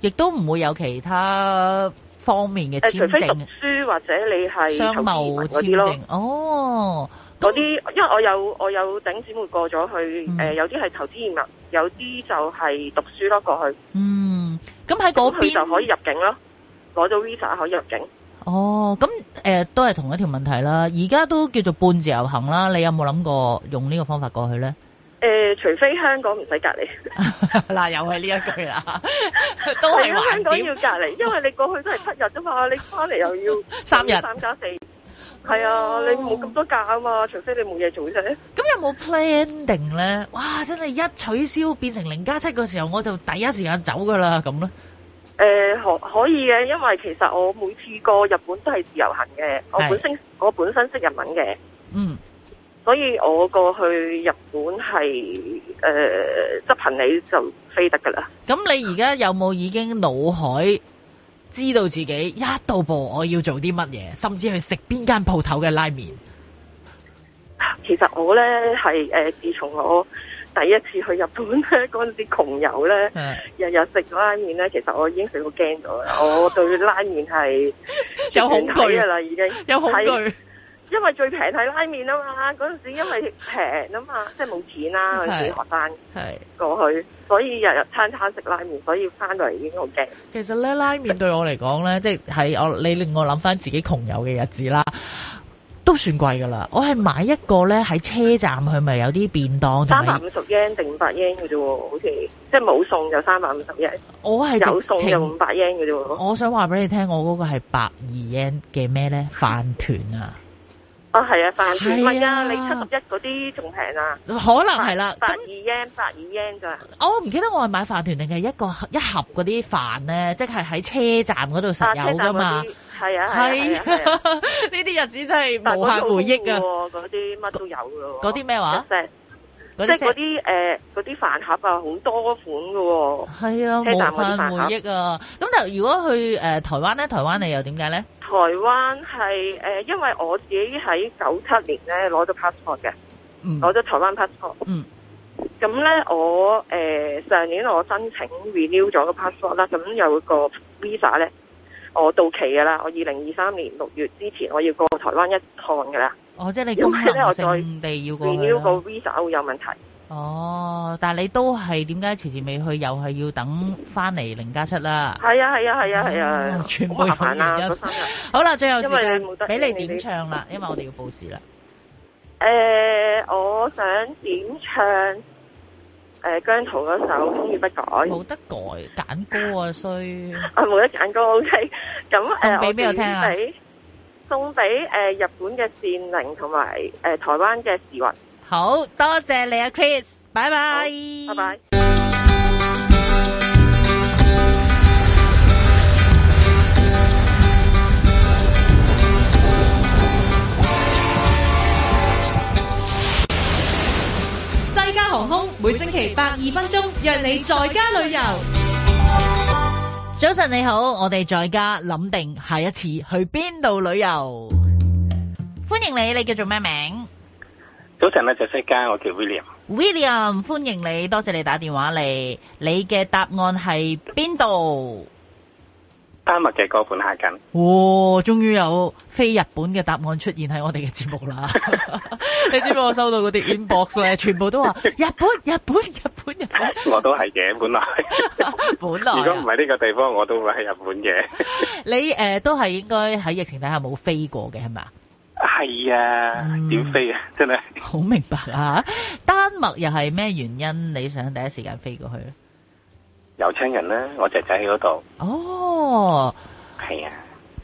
亦都唔會有其他方面嘅簽證。誒，除非讀書或者你係商務簽證咯，哦。嗰啲那，因為我有我有頂姊妹過咗去，誒有啲係投資移民，有啲就係讀書咯過去。嗯，咁喺嗰邊就可以入境咯，攞咗 Visa 可以入境。哦，咁誒、呃、都係同一條問題啦。而家都叫做半自由行啦。你有冇諗過用呢個方法過去咧？誒、呃，除非香港唔使隔離。嗱， 又係呢一句啦，都係 香港要隔離，因為你過去都係七日啫嘛，你翻嚟又要三日三加四。係啊，你冇咁多假啊嘛，除非你冇嘢做啫。咁有冇 planning 咧？哇，真係一取消變成零加七嘅時候，我就第一時間走噶啦。咁呢？誒可、呃、可以嘅，因為其實我每次過日本都係自由行嘅，我本身的我本身識日文嘅，嗯，所以我過去日本係誒、呃、執行就你就飛得噶啦。咁你而家有冇已經腦海？知道自己一到步我要做啲乜嘢，甚至去食邊間鋪頭嘅拉麵。其實我呢係誒、呃，自從我第一次去日本呢，嗰陣時窮遊呢，的日日食拉麵呢，其實我已經食到驚咗啦。 我對拉麵係 有恐懼懼㗎啦，已經有恐懼。因為最平係拉麵啊嘛，嗰陣時因為平啊嘛，即係冇錢啦，佢自己學生係過去， 所以日日餐餐食拉麵，所以翻到嚟已經好驚。其實咧，拉麵對我嚟講咧，即係 我你令我諗翻自己窮遊嘅日子啦，都算貴噶啦。我係買一個咧喺車站，佢咪 有啲便當，三百五十 yen 定五百 yen 嘅啫，好似即係冇餸就三百五十 yen。我係有餸就五百 yen 嘅啫。我想話俾你聽，我嗰個係百二 yen 嘅咩咧？飯團啊！哦，係啊，飯團係啊，你七十一嗰啲仲平啊，可能係啦，百二 yen，百二 yen 咋？我唔記得我係買飯團定係一個一盒嗰啲飯呢，即係喺車站嗰度實有㗎嘛？係啊係啊，呢啲日子真係無限回憶㗎。嗰啲乜都有㗎喎，嗰啲咩話？即係嗰啲誒嗰啲飯盒啊，好多款㗎喎。係啊，無限回憶啊！咁但係如果去誒台灣呢？台灣你又點解呢？台灣係誒、呃，因為我自己喺九七年咧攞咗 passport 嘅，攞咗台灣 passport。嗯，咁咧我誒、呃、上年我申請 renew 咗個 passport 啦，咁有個 visa 咧，我到期㗎啦，我二零二三年六月之前我要過台灣一趟㗎啦。哦，即係你咁快性地要過啦。因為咧，我再 renew 個 visa 會有問題。哦，但係你都係點解遲遲未去，又係要等翻嚟零加七啦？係啊係啊係啊係啊，啊啊啊啊嗯、全部有麻啦三、啊、 好啦，最後時間俾你點唱啦，因為我哋要報時啦。誒、呃，我想點唱誒、呃、姜濤嗰首《風雨不改》。冇得改，揀歌啊，衰，冇、啊、得揀歌，O K。咁、okay、誒、啊呃，我送俾送俾誒、呃、日本嘅善玲同埋誒台灣嘅時運。好多謝你啊，Chris，拜拜。拜拜。Bye bye 西加航空每星期百二分鐘，約你在家旅遊。早晨你好，我哋在家諗定下一次去邊度旅遊。歡迎你，你叫做咩名？早晨啦，就士家，我叫 William。William，歡迎你，多謝你打電話嚟。你嘅答案係邊度？丹麥嘅哥本哈根。哇、哦，終於有非日本嘅答案出現喺我哋嘅節目啦！ 你知唔知我收到嗰啲 inbox 呢，全部都話日本、日本、日本。日本，我都係嘅，本來。 本來、啊。如果唔係呢個地方，我都會喺日本嘅。 你誒、呃，都係應該喺疫情底下冇飛過嘅係咪？係啊，點、嗯、飛啊？真係好明白啊！丹麥又係咩原因你想第一時間飛過去？有親人啦、啊，我仔仔喺嗰度。哦，係啊，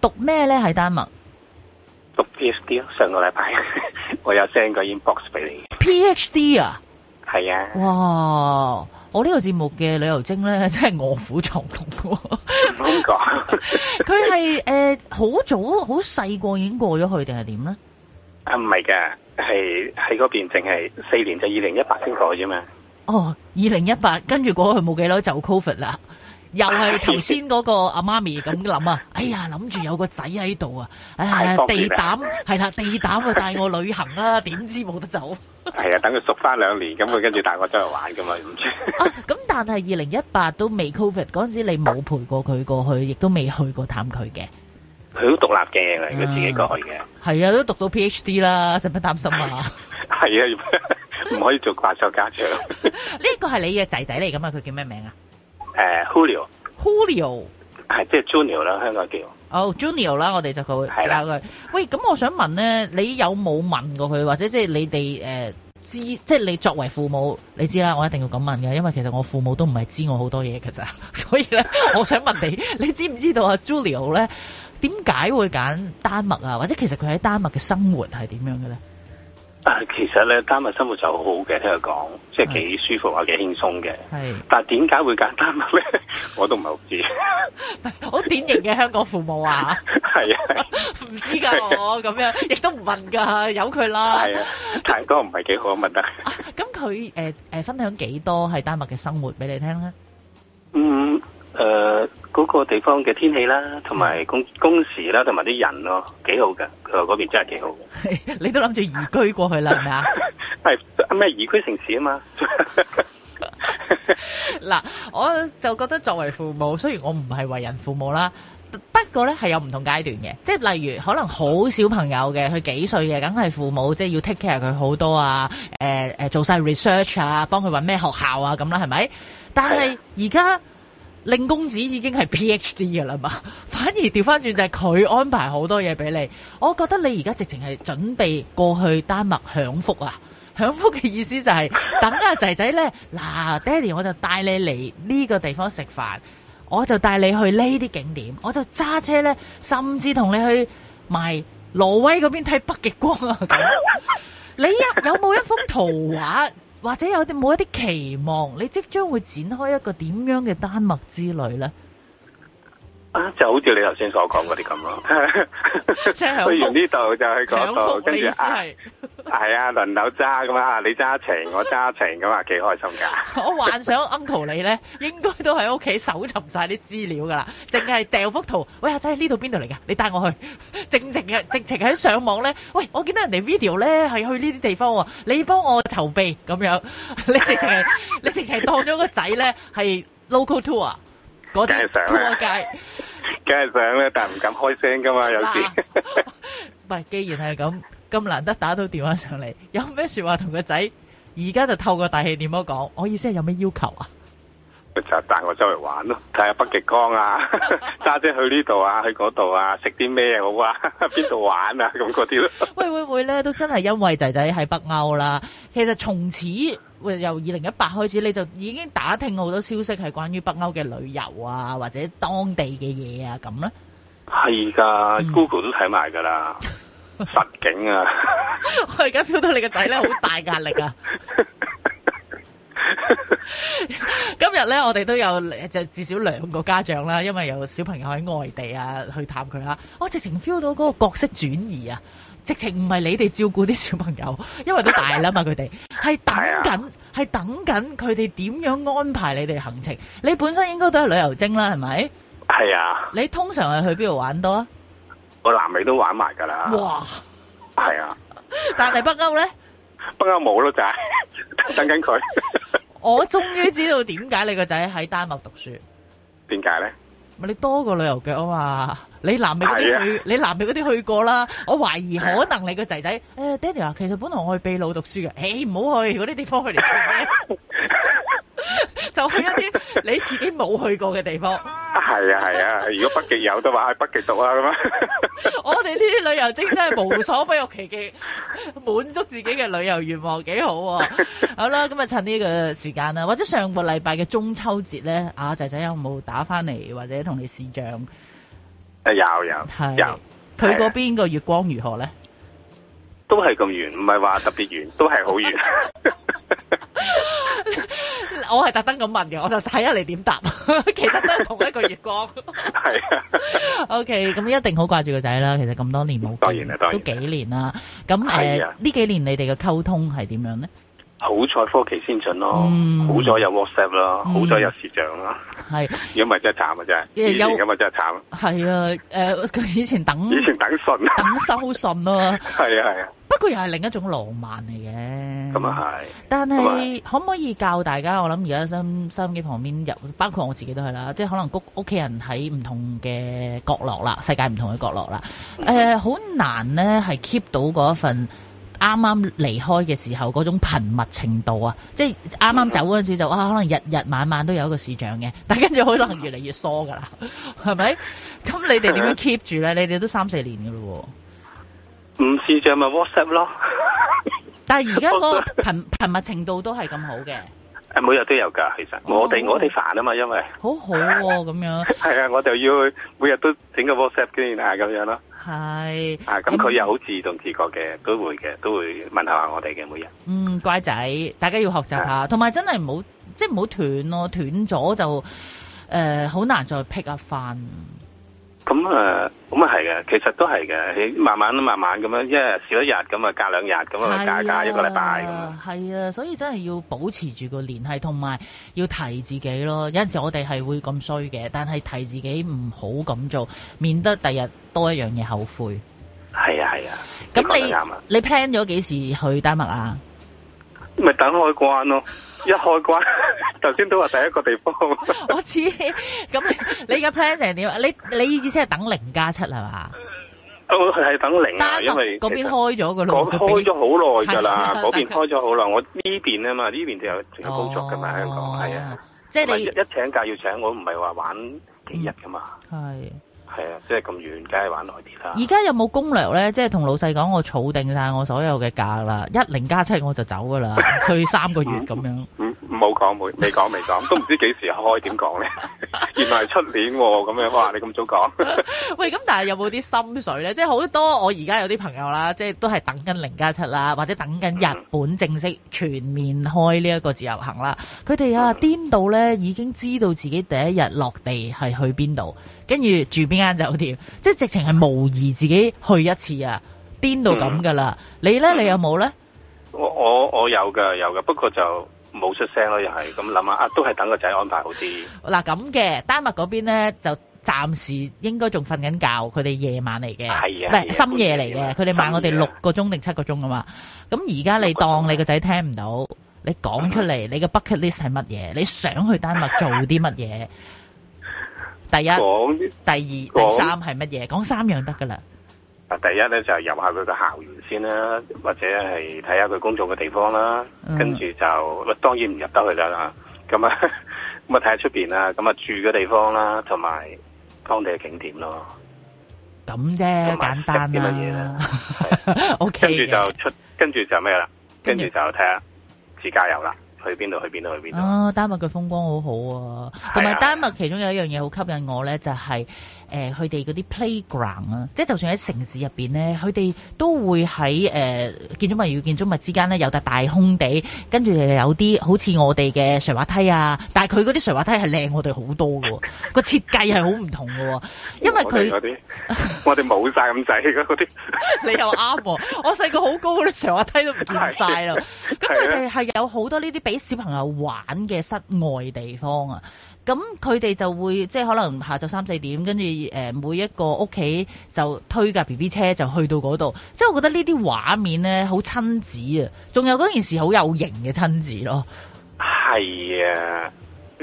讀咩咧？喺丹麥讀 PhD 啊。上個禮拜我有 send 個 inbox 俾你。PhD 啊？係啊。哇！我呢個節目嘅旅遊精咧，真係卧虎藏龍喎。唔好講，佢係誒好早好細個已經過咗去定係點咧？呢啊唔係嘅，係喺嗰邊淨係四年，就二零一八先過啫嘛。哦，二零一八跟住過去冇幾耐就 COVID 啦。又係頭先嗰個阿媽咪咁諗啊！哎呀，諗住有個仔喺度啊！哎，地膽係啦，地膽啊，帶我旅行啦，點知冇得走？係啊，等佢熟翻兩年，咁佢跟住帶我出去玩噶嘛，唔知啊。咁但係二零一八都未 Covid 嗰陣時，你冇陪過佢過去，亦都未去過探佢嘅。佢都獨立嘅，佢自己過去嘅。係啊，都讀到 PhD 啦，使乜擔心啊？係啊，唔可以做怪獸家長啦。呢個係你嘅仔仔嚟㗎嘛？佢叫咩名啊？誒、uh, Julio，Julio 係即係、uh, Junior 啦，香港叫。哦 Junior 啦，我哋就佢係啦喂。咁我想問咧，你有冇問過佢，或者即係你哋、呃、知，即、就、係、是、你作為父母，你知啦，我一定要咁問㗎，因為其實我父母都唔係知我好多嘢㗎咋，所以咧， 我想問你，你知唔知道阿、啊、Julio 咧點解會揀丹麥啊？或者其實佢喺丹麥嘅生活係點樣嘅咧？但係其實咧，丹麥生活就好好嘅，聽佢講，即係幾舒服啊，幾輕鬆嘅。是但點解會揀丹麥咧，我都唔係好知。好 典型嘅香港父母啊！係啊！唔 知㗎的我咁樣，亦都唔問㗎，由佢啦。係啊，太多唔係幾好問得。咁佢、呃、分享幾多係丹麥嘅生活俾你聽咧？嗯。誒，嗰、呃那個地方嘅天氣啦，同埋工工時啦，同埋啲人咯，幾好噶。佢話嗰邊真係幾好。 你都諗住移居過去啦，係咪啊？係咩？移居城市啊嘛。嗱， 我就覺得作為父母，雖然我唔係為人父母啦，不過咧係有唔同階段嘅。即係例如，可能好小朋友嘅，佢幾歲嘅，梗係父母即係要 take care 佢好多啊。誒、呃、誒，做晒 research 啊，幫佢搵咩學校啊，咁啦，係咪？但係而家。令公子已經係 PhD 嘅啦嘛，反而調翻轉就係佢安排好多嘢俾你。我覺得你而家直情係準備過去丹麥享福啊！享福嘅意思就係等阿仔仔咧，嗱爹哋我就帶你嚟呢個地方食飯，我就帶你去呢啲景點，我就揸車咧，甚至同你去埋挪，挪威嗰邊睇北極光啊！噉你有冇一幅圖畫？或者有啲冇一啲期望，你即將會展開一個點樣嘅丹麥之旅咧？就好似你頭先所講嗰啲咁咯。 去完呢度就去嗰度，跟住係係啊，輪流揸咁啊，你揸情，我揸情，咁啊幾開心㗎！ 我幻想 Uncle 你咧，應該都喺屋企搜尋曬啲資料㗎啦，淨係掉幅圖。喂，阿仔喺呢度邊度嚟㗎？你帶我去。直情嘅，直情喺上網咧。喂，我見到人哋 video 咧係去呢啲地方喎，哦。你幫我籌備咁樣，你直情 你直情當咗個仔咧係 local tour。嗰啲拖界，梗係想，想啦，但唔敢開聲噶嘛，啊、有時點。唔係，既然係咁咁難得打到電話上嚟，有咩説話同個仔？而家就透過大氣電話講，我意思係有咩要求啊？咪就帶我周圍玩咯，睇下北極光啊，揸車 去呢度啊，去嗰度啊，食啲咩好啊？邊度玩啊？咁嗰啲咯。喂，會唔會咧都真係因為仔仔喺北歐啦？其實從此。由二零一八開始你就已經打聽好多消息係關於北歐嘅旅遊啊，或者當地嘅嘢啊咁咧？係㗎的、嗯，Google 都睇埋㗎啦， 實景啊！ 我而家 feel 到你個仔咧好大壓力啊！ 今日咧，我哋都有就至少兩個家長啦，因為有小朋友喺外地啊去探佢啦。我直情 feel 到嗰個角色轉移啊！直情唔係你哋照顧啲小朋友，因為都大啦嘛，佢哋係等緊，係、啊、等緊佢哋點樣安排你哋行程。你本身應該都係旅遊精啦，係咪？係啊。你通常係去邊度玩多啊？我南美都玩埋㗎啦。哇！係啊。但係北歐咧？北歐冇咯，就係等緊佢。 我終於知道點解你個仔喺丹麥讀書。點解咧？你多過旅遊嘅啊嘛，我你南美嗰啲去，啊、你南美嗰啲去過啦。我懷疑可能你個仔仔，誒、啊欸、爹哋啊，其實本來我去秘魯讀書嘅，誒唔好去嗰啲地方去嚟。做咩、啊？ 就去一啲你自己冇去過嘅地方。係。 啊係啊，如果北極有，都話喺北極度啊咁啊。 我哋呢啲旅遊精真係無所不用其極，滿足自己嘅旅遊願望幾好，啊。 好啦，咁啊趁呢個時間啦，或者上個禮拜嘅中秋節咧，啊，仔仔有冇打翻嚟或者同你視像？誒，有是有。係。佢嗰邊個月光如何咧？ 都係咁遠，唔係話特別遠，都係好遠。 我係特登咁問嘅，我就睇下你點答。 其實都係同一個月光。係啊。O K，咁一定好掛住個仔啦。其實咁多年冇見，當然當然都幾年啦。咁呢、啊呃、呢幾年你哋嘅溝通係點樣咧？好彩科技先進咯，好彩有 WhatsApp 咯，好彩有視像咯。係，如果唔係真係慘啊！真係，如果唔係真係慘。係啊，誒，佢以前等，以前等信，等收信咯。係啊，係啊。不過又係另一種浪漫嚟嘅。咁啊係。但係可唔可以教大家？我諗而家收收音機旁邊有，包括我自己都係啦，即係可能屋企人喺唔同嘅角落啦，世界唔同嘅角落啦。誒，好難咧，係 keep 到嗰一份。啱啱離開嘅時候嗰種頻密程度啊，即係啱啱走嗰陣時就哇、啊，可能日日晚晚都有一個市長嘅，但係跟住可能越嚟越疏㗎啦，係咪？咁你哋點樣 keep 住咧？你哋都三四年㗎咯喎，唔市長咪 WhatsApp 咯， 但係而家嗰個頻密程度都係咁好嘅。誒、啊、每日都有㗎，其實、哦、我哋我哋煩啊嘛，因為好好喎咁樣。係啊， 我就要去每日都整個 WhatsApp 幾年嚟咁樣咯。係啊，咁佢又好自動自覺嘅，都會嘅，都會問下我哋嘅每日。嗯，乖仔，大家要學習下，同埋的真係唔好，即係唔好斷咯，斷咗就誒好、呃、難再 pick up 翻。咁啊，咁啊係嘅，其實都係嘅。慢慢慢慢慢咁樣，yeah, 一日少一日咁啊，隔兩日咁啊，加加一個禮拜咁係，係啊，所以真係要保持住個聯繫，同埋要提自己咯。有陣時我哋係會咁衰嘅，但係提自己唔好咁做，免得第日多一樣嘢後悔。係啊係啊，咁、啊、你你，你 plan 咗幾時去丹麥啊？咪等開關咯。一開關，頭先都話第一個地方。 我知咁，你嘅 plan 成點？你你意思係等零加七係嘛？啊，我係等零啊，因為嗰邊開咗㗎咯，開咗好耐㗎啦。嗰邊開咗好耐，我呢邊啊嘛，呢邊就有仲有工作㗎嘛，香港係啊。即係你一請假要請，我唔係話玩幾日㗎嘛。係、嗯。係啊，即係咁遠，梗係玩耐啲啦。而家有冇攻略咧？即係同老細講，我儲定晒我所有嘅假啦，一零加七我就走㗎啦，去 三個月咁樣。唔好冇講，未講未講，都唔知幾時開，點講咧？原來係出年喎，咁樣哇！你咁早講？喂，咁但係有冇啲心水咧？即係好多我而家有啲朋友啦，即係都係等緊零加七啦，或者等緊日本正式全面開呢一個自由行啦。佢哋啊，顛、嗯、到咧已經知道自己第一日落地係去邊度，跟住住邊。間酒店，即係直情係無疑自己去一次啊，癲到咁噶啦！嗯、你咧，你有冇咧？我我我有噶有噶，不過就冇出聲咯，又係咁諗下，啊都係等個仔安排好啲。嗱咁嘅丹麥嗰邊咧，就暫時應該仲瞓緊覺，佢哋夜晚嚟嘅，係啊，係深夜嚟嘅，佢哋晚我哋六個鐘定七個鐘噶嘛。咁而家你當你個仔聽唔到，你講出嚟，你嘅 bucket list 係乜嘢？你想去丹麥做啲乜嘢？ 第一、說第二、說第三係乜嘢？講三樣得噶啦。啊，第一咧就係、是、入一下佢個校園先啦，或者係睇下佢工作嘅地方啦，嗯、跟住就，咁當然唔入得去啦。咁、嗯、啊，咁啊睇下出邊啊，咁啊、嗯、住嘅地方啦，同埋當地嘅景點咯。咁啫，有簡單啦、啊。O K。 okay 跟住就出，跟住就咩後啦？跟住就睇下自駕遊啦。去邊度？去邊度？去邊度？哦、啊，丹麥嘅風光好好，啊，同埋的丹麥其中有一樣嘢好吸引我咧，就係誒佢哋嗰啲 playground 啊，即、呃、係就，就算喺城市入邊咧，佢哋都會喺誒、呃、建築物與建築物之間咧有笪大空地，跟住有啲好似我哋嘅垂滑梯啊，但係佢嗰啲垂滑梯係靚我哋好多嘅，個 設計係好唔同嘅，因為佢、哦、我哋冇晒咁細嗰啲，你又啱、啊，我細個好高嗰啲垂滑梯都唔見晒啦，咁佢哋係有好多呢啲比喺小朋友玩嘅室外地方啊，咁佢哋就會即係可能下晝三四點，跟住誒每一個屋企就推架 BB 車就去到嗰度，即係我覺得呢啲畫面咧好親子啊，仲有嗰件事好有型嘅親子咯，係啊。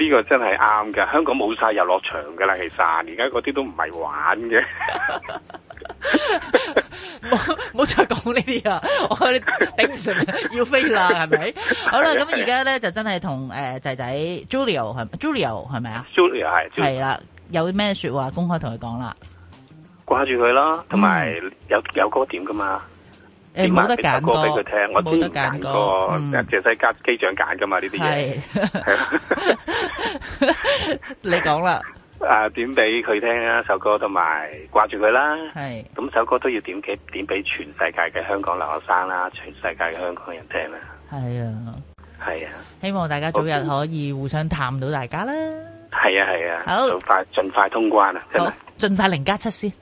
呢個真係啱㗎，香港冇晒遊樂場㗎啦，其實而家嗰啲都唔係玩嘅。冇 冇 再講呢啲啊！我哋頂唔順， 要飛啦，係咪？ 好啦，咁而家咧就真係同誒仔仔 Julio 係 Julio 係咪啊？Julio 係係啦，有咩説話公開同佢講啦？掛住佢咯，同埋有有，有歌點㗎嘛？你冇得揀歌俾佢聽，冇得揀歌，淨係淨係加機長揀噶嘛呢啲嘢。係咯，你講啦，誒，點俾佢聽啊首歌，同埋掛住佢啦，係，咁首歌都要點幾點俾全世界嘅香港留學生啦，全世界嘅香港人聽啦，係啊，係啊，希望大家早日可以互相探到大家啦，係啊係啊，好，快盡快通關啊，好，盡快零加七先。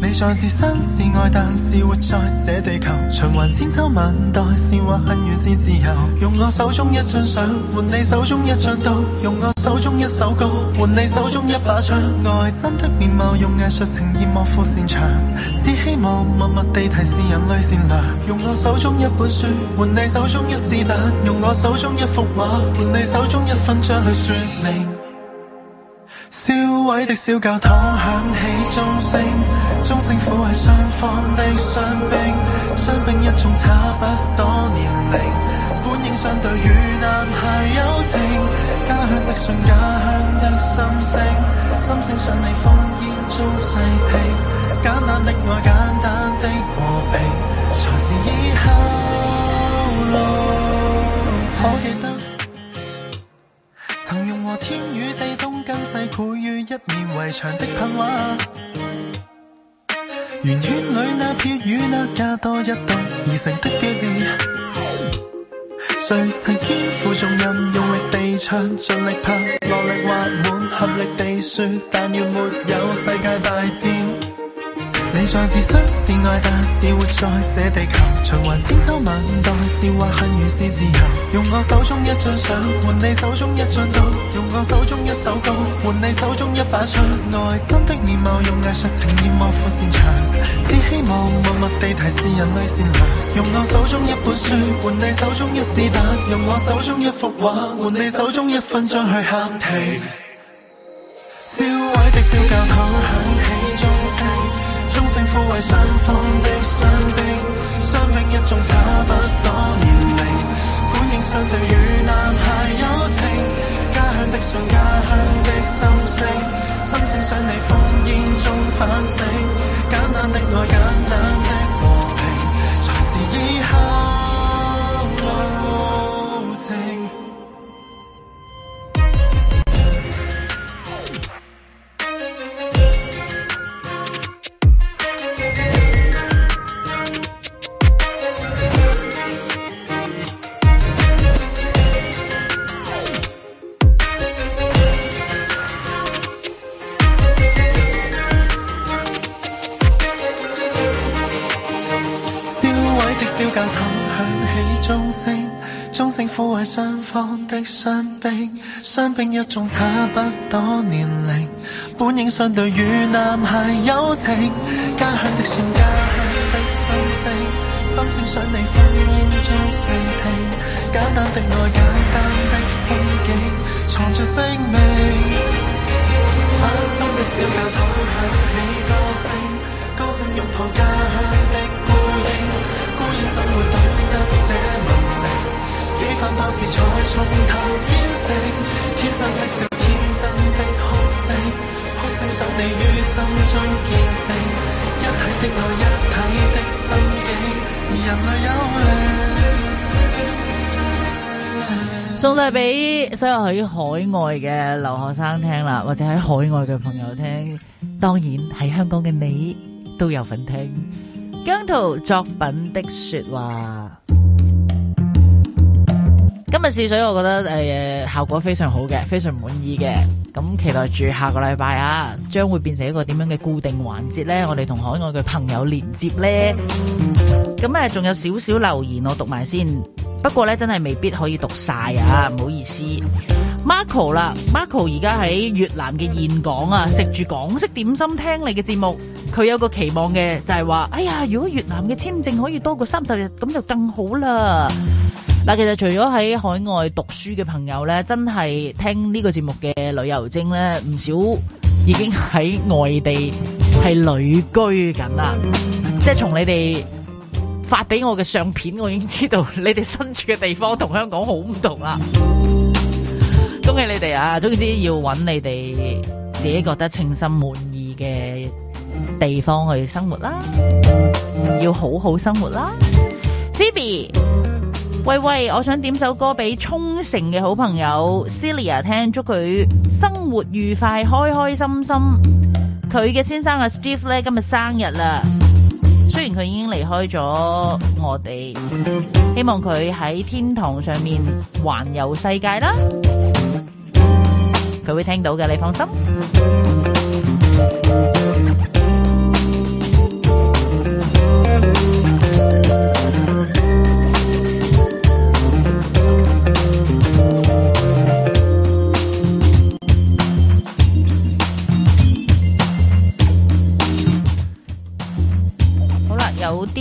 你在是身是愛，但是活在這地球，循環千秋萬代。是或恨怨是自由，用我手中一張相，換你手中一張刀；用我手中一首歌，換你手中一把槍。愛真的面貌，用藝術呈現莫負擅長，只希望默默地提示人類善良。用我手中一本書，換你手中一子彈；用我手中一幅畫，換你手中一分去說明。位的小教堂，響起鐘聲，鐘聲撫慰雙方的傷兵，傷兵一眾差不多年齡，本應相對與男孩友情。家鄉的信，家鄉的心聲，心聲想你烽煙中細聽，簡單的愛，簡單的和平，才是以後路。可記得天與地，東跟西，苦於一面圍牆的噴畫。圓圈裏那撇與捺加多一度而成的記字。誰曾肩負重任，用力地唱，盡力拍，落力畫滿，合力地說，但願沒有世界大戰。你在自身是愛的，但是活在這地球，循環千秋萬代。笑或恨，如是自由。用我手中一張相，換你手中一張刀；用我手中一首歌，換你手中一把槍。內真的面貌，用藝術呈現莫負擅長。只希望我默默地提示人類善良。用我手中一本書，換你手中一支彈；用我手中一幅畫，換你手中一分鐘去喊停。燒毀 的小教堂響起。正腐壞相逢的傷兵，傷兵一種差不多年齡，本應相對與男孩友情，家鄉的信，家鄉的心聲，心聲想你烽煙中反省，簡單的愛，簡單的和平，才是以後撫慰雙方的傷兵，傷兵一眾差不多年齡，本應相對於男孩友情。家鄉的山，家鄉的心聲，心聲想你烽煙中細聽，簡單的愛，簡單的風景，藏着生命。返鄉的小教堂響起歌聲，歌聲擁抱家鄉的。送晒俾所有喺海外嘅留學生聽啦，或者喺海外嘅朋友聽，當然喺香港嘅你都有份聽。姜濤作品的說話。今日試水，我覺得、欸、效果非常好嘅，非常滿意嘅。咁期待住下個禮拜啊，將會變成一個點樣嘅固定環節咧？我哋同海外嘅朋友連接咧。咁、嗯、啊，仲有少少留言我讀埋先，不過咧真係未必可以讀晒啊，唔好意思。Marco 啦，Marco 而家喺越南嘅峴港啊，食住港式點心，聽你嘅節目。佢有個期望嘅就係、是、話，哎呀，如果越南嘅簽證可以多過三十日，咁就更好啦。嗱，但其實除咗喺海外讀書嘅朋友咧，真係聽呢個節目嘅旅遊精咧，唔少已經喺外地係旅居緊啦。即係從你哋發俾我嘅相片，我已經知道你哋身處嘅地方同香港好唔同啦。恭喜你哋啊！總之要揾你哋自己覺得稱心滿意嘅地方去生活啦，要好好生活啦，Phoebe。TV 喂喂，我想點首歌俾沖繩嘅好朋友 Celia 聽，祝佢生活愉快、開開心心。佢嘅先生阿 Steve 咧今日生日啦，雖然佢已經離開咗我哋，希望佢喺天堂上面環遊世界啦，佢會聽到嘅，你放心。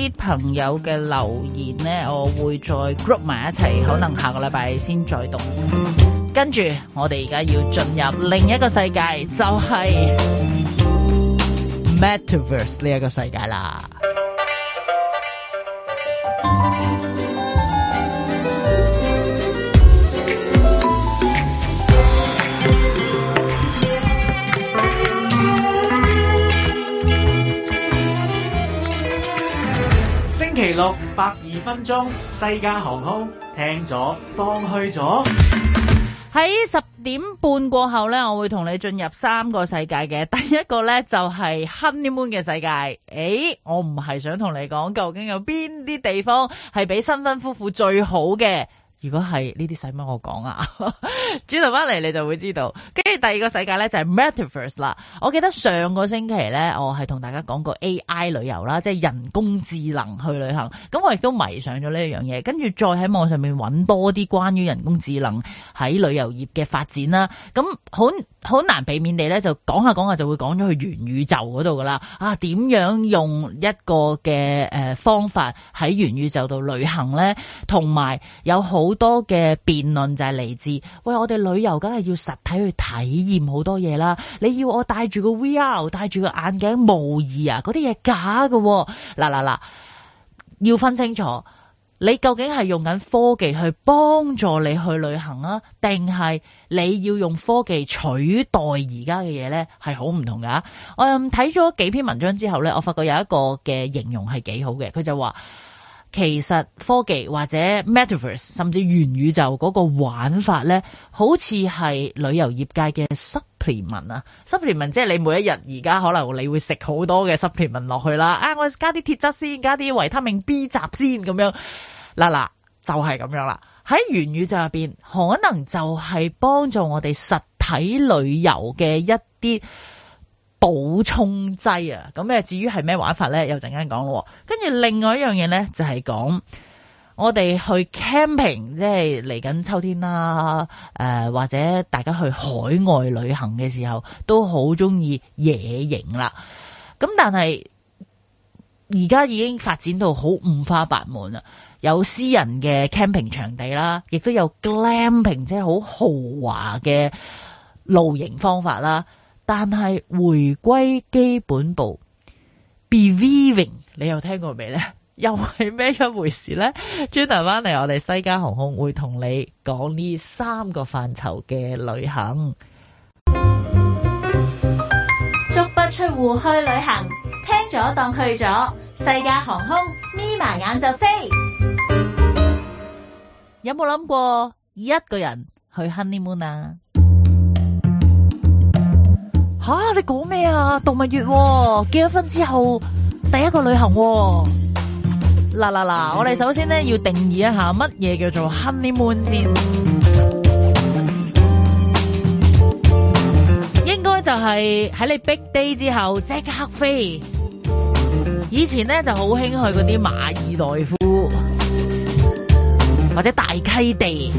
啲朋友嘅留言咧，我會再 group 埋一齊，可能下個禮拜先再讀。跟住，我哋而家要進入另一個世界，就係 Metaverse 呢一個世界啦。六百二分鐘，西加航空聽咗當去咗。喺十點半過後呢，我會同你進入三個世界嘅。第一個呢，就係、是、honeymoon 嘅世界。誒、欸，我唔係想同你講究竟有邊啲地方係俾新婚夫婦最好嘅。如果係呢啲使乜我講啊，轉 頭翻嚟你就會知道。跟住第二個世界咧就係、是、metaverse 啦。我記得上個星期咧，我係同大家講過 AI 旅遊啦，即係人工智能去旅行。咁我亦都迷上咗呢一樣嘢。跟住再喺網上面揾多啲關於人工智能喺旅遊業嘅發展啦。咁好好難避免地咧，就講下講下就會講咗去元宇宙度噶啦。啊，點樣用一個嘅誒、呃、方法喺元宇宙度旅行咧？同埋有好，有多嘅辯論就係嚟自，喂，我哋旅遊梗係要實體去體驗好多嘢啦。你要我戴住個 VR，戴住個眼鏡模擬啊，嗰啲嘢假㗎喎。嗱嗱嗱，要分清楚，你究竟係用緊科技去幫助你去旅行啊，定係你要用科技取代而家嘅嘢咧，係好唔同㗎啊。嗯，我睇咗幾篇文章之後咧，我發覺有一個嘅形容係幾好嘅，佢就話。其實科技或者 Metaverse 甚至元宇宙嗰個玩法咧，好似係旅遊業界嘅 supplement 啊，supplement 即係你每一日而家可能你會食好多嘅 supplement 落去啦。啊、哎，我加啲鐵質先，加啲維他命 B 雜先，咁樣，嗱嗱，就係、是、咁樣啦。喺元宇宙入邊，可能就係幫助我哋實體旅遊嘅一啲。補充劑啊，咁誒，至於係咩玩法咧，又陣間講咯。跟住另外一樣嘢咧，就係、是、講我哋去 camping，即係嚟緊秋天啦。誒、呃，或者大家去海外旅行嘅時候，都好中意野營啦。咁但係而家已經發展到好五花八門啦，有私人嘅 camping 場地啦，亦都有 glamping，即係好豪華嘅露營方法啦。但係回歸基本步 be weaving 你又聽過未咧？又係咩一回事咧？轉頭翻嚟，我哋西加航空會同你講呢三個範疇嘅旅行。足不出戶去旅行，聽咗當去咗。西加航空眯埋眼就飛。有冇諗過一個人去 honeymoon 啊？吓、啊，你講咩啊？動物月？哦、結咗婚之後第一個旅行。嗱嗱嗱！我哋首先咧，要定義一下乜嘢叫做 honeymoon 先，應該就係喺你 big day 之後即刻飛。以前咧就好興去嗰啲馬爾代夫或者大溪地，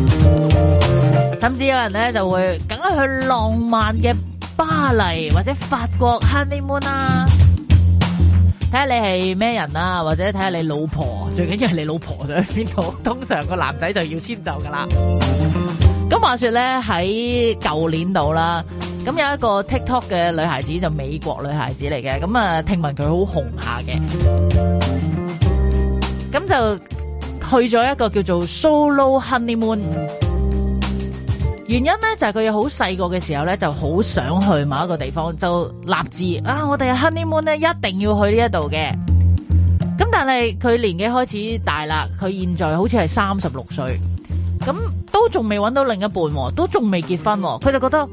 甚至有人咧就會梗係去浪漫嘅。巴黎或者法國 honeymoon 啊，睇下你係咩人啊，或者睇下你老婆，最緊要係你老婆就去邊度，通常個男仔就要遷就噶啦。咁 話說咧喺舊年度啦，咁有一個 TikTok 嘅女孩子就是、美國女孩子嚟嘅，咁啊聽聞佢好紅下嘅，咁就去咗一個叫做 Solo honeymoon。原因咧就係佢好細個嘅時候咧就好想去某一個地方，就立志啊我哋 Honeymoon 咧一定要去呢一度嘅。咁但係佢年紀開始大啦，佢現在好似係三十六歲，咁都仲未揾到另一半，都仲未結婚，佢就覺得，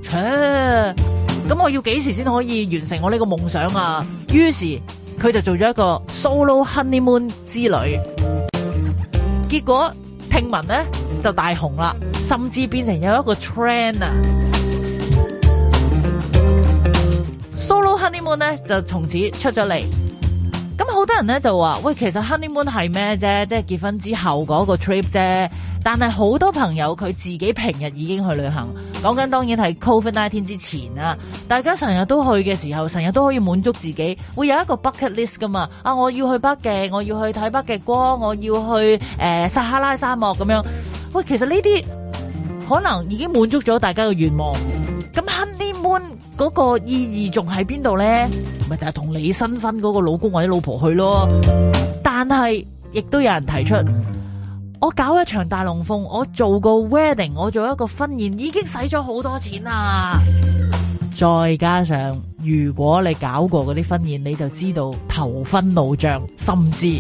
咁、啊、我要幾時先可以完成我呢個夢想啊？於是佢就做咗一個 Solo Honeymoon 之旅，結果。聽聞咧就大紅啦，甚至變成有一個 trend 啊，Solo honeymoon 咧就從此出咗嚟。咁好多人咧就話，喂，其實 honeymoon 係咩啫？即係結婚之後嗰個 trip 啫。但係好多朋友佢自己平日已經去旅行。講緊當然係 Covid nineteen 之前啊，大家成日都去嘅時候，成日都可以滿足自己，會有一個 bucket list 噶嘛。啊，我要去北極，我要去睇北極光，我要去誒撒哈拉沙漠咁樣。喂，其實呢啲可能已經滿足咗大家嘅願望。咁 honeymoon 嗰個意義仲喺邊度咧？咪就係同你新婚嗰個老公或者老婆去咯。但係亦都有人提出。我搞一場大龍鳳，我做個 wedding，我做一個婚宴，已經使咗好多錢啦。再加上，如果你搞過嗰啲婚宴，你就知道頭昏腦脹，甚至……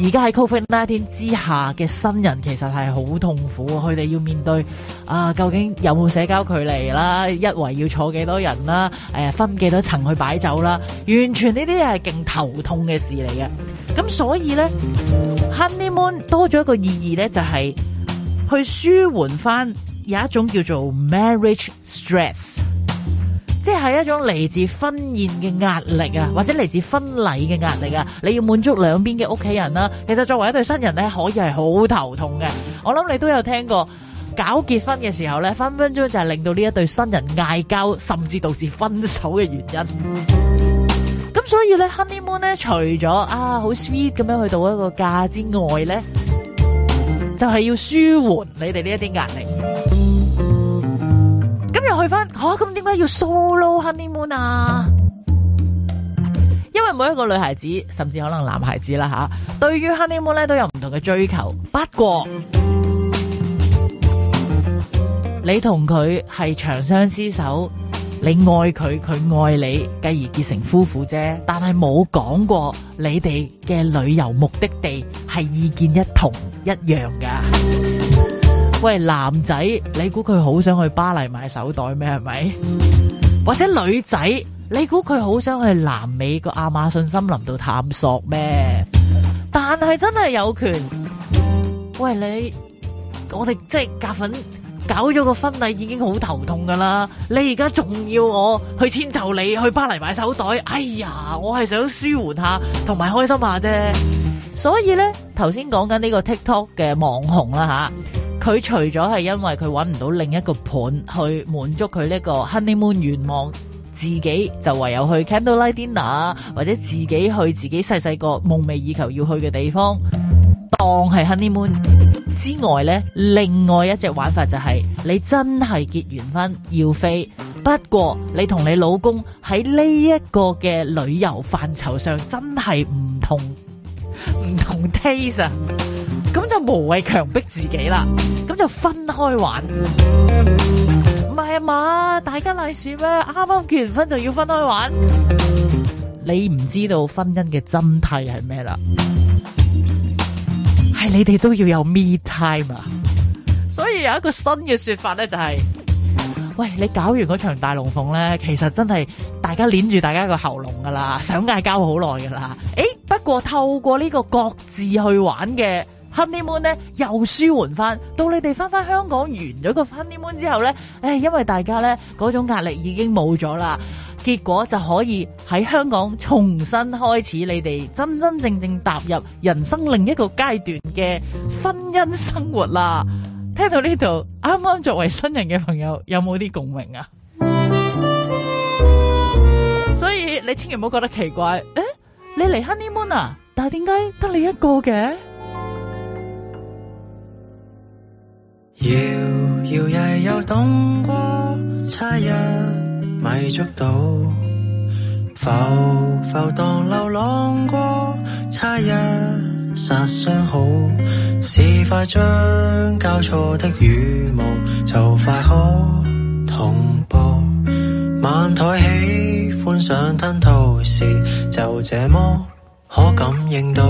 而家喺 Covid 19之下嘅新人其實係好痛苦，佢哋要面對啊，究竟有冇社交距離啦，一圍要坐幾多人啦，誒，分幾多層去擺酒啦，完全呢啲係勁頭痛嘅事嚟嘅。咁所以咧，Honeymoon 多咗一個意義咧，就係去舒緩翻有一種叫做 Marriage Stress。即係一種嚟自婚宴嘅壓力啊，或者嚟自婚禮嘅壓力啊，你要滿足兩邊嘅屋企人啦。其實作為一對新人咧，可以係好頭痛嘅。我諗你都有聽過搞結婚嘅時候咧，分分鐘就係令到呢一對新人嗌交，甚至導致分手嘅原因。咁所以咧，honeymoon 咧，除咗啊好 sweet 咁樣去到一個價之外咧，就係、是、要舒緩你哋呢一啲壓力。又去翻吓，咁點解要 solo honeymoon 啊？因為每一個女孩子，甚至可能男孩子啦吓，對於 honeymoon 咧都有唔同嘅追求。不過你同佢係長相廝守，你愛佢，佢愛你，繼而結成夫婦啫。但係冇講過你哋嘅旅遊目的地係意見一同一樣㗎。喂，男仔，你估佢好想去巴黎買手袋咩？係咪？ 或者女仔，你估佢好想去南美個亞馬遜森林度探索咩？ 但係真係有權， 喂你，我哋即係夾份搞咗個婚禮已經好頭痛噶啦，你而家仲要我去遷就你去巴黎買手袋？哎呀，我係想舒緩下同埋開心下啫。所以咧，頭先講緊呢個 TikTok 嘅網紅啦吓。佢除咗係因為佢揾唔到另一個盤去滿足佢呢個 Honeymoon 願望，自己就唯有去 Candlelight Dinner 或者自己去自己細細個夢寐以求要去嘅地方當係 Honeymoon 之外呢，另外一隻玩法就係、是、你真係結完婚要飛，不過你同你老公喺呢一個嘅旅遊範疇上真係唔同唔同 taste 咁就無謂強迫自己啦，咁就分開玩，唔係啊嘛，大家禮鼠咩？啱啱結完婚就要分開玩，你唔知道婚姻嘅真諦係咩啦？係你哋都要有 me time 啊！所以有一個新嘅說法咧、就是，就係，喂，你搞完嗰場大龍鳳咧，其實真係大家攆住大家個喉嚨噶啦，想嗌交好耐噶啦。誒、欸，不過透過呢個各自去玩嘅。honeymoon 咧又舒緩翻，到你哋翻翻香港完咗個 honeymoon 之後咧，誒，因為大家咧嗰種壓力已經冇咗啦，結果就可以喺香港重新開始，你哋真真正正踏入人生另一個階段嘅婚姻生活啦。聽到呢度，啱啱作為新人嘅朋友有冇啲共鳴啊？ 所以你千祈唔好覺得奇怪，誒、欸，你嚟 honeymoon 啊，但係點解得你一個嘅？搖搖曳又動過，差一米捉到。浮浮蕩當流浪過，差一剎傷好。是快將交錯的羽毛，就快可同步。晚台喜歡上吞吐時，就這麼可感應到。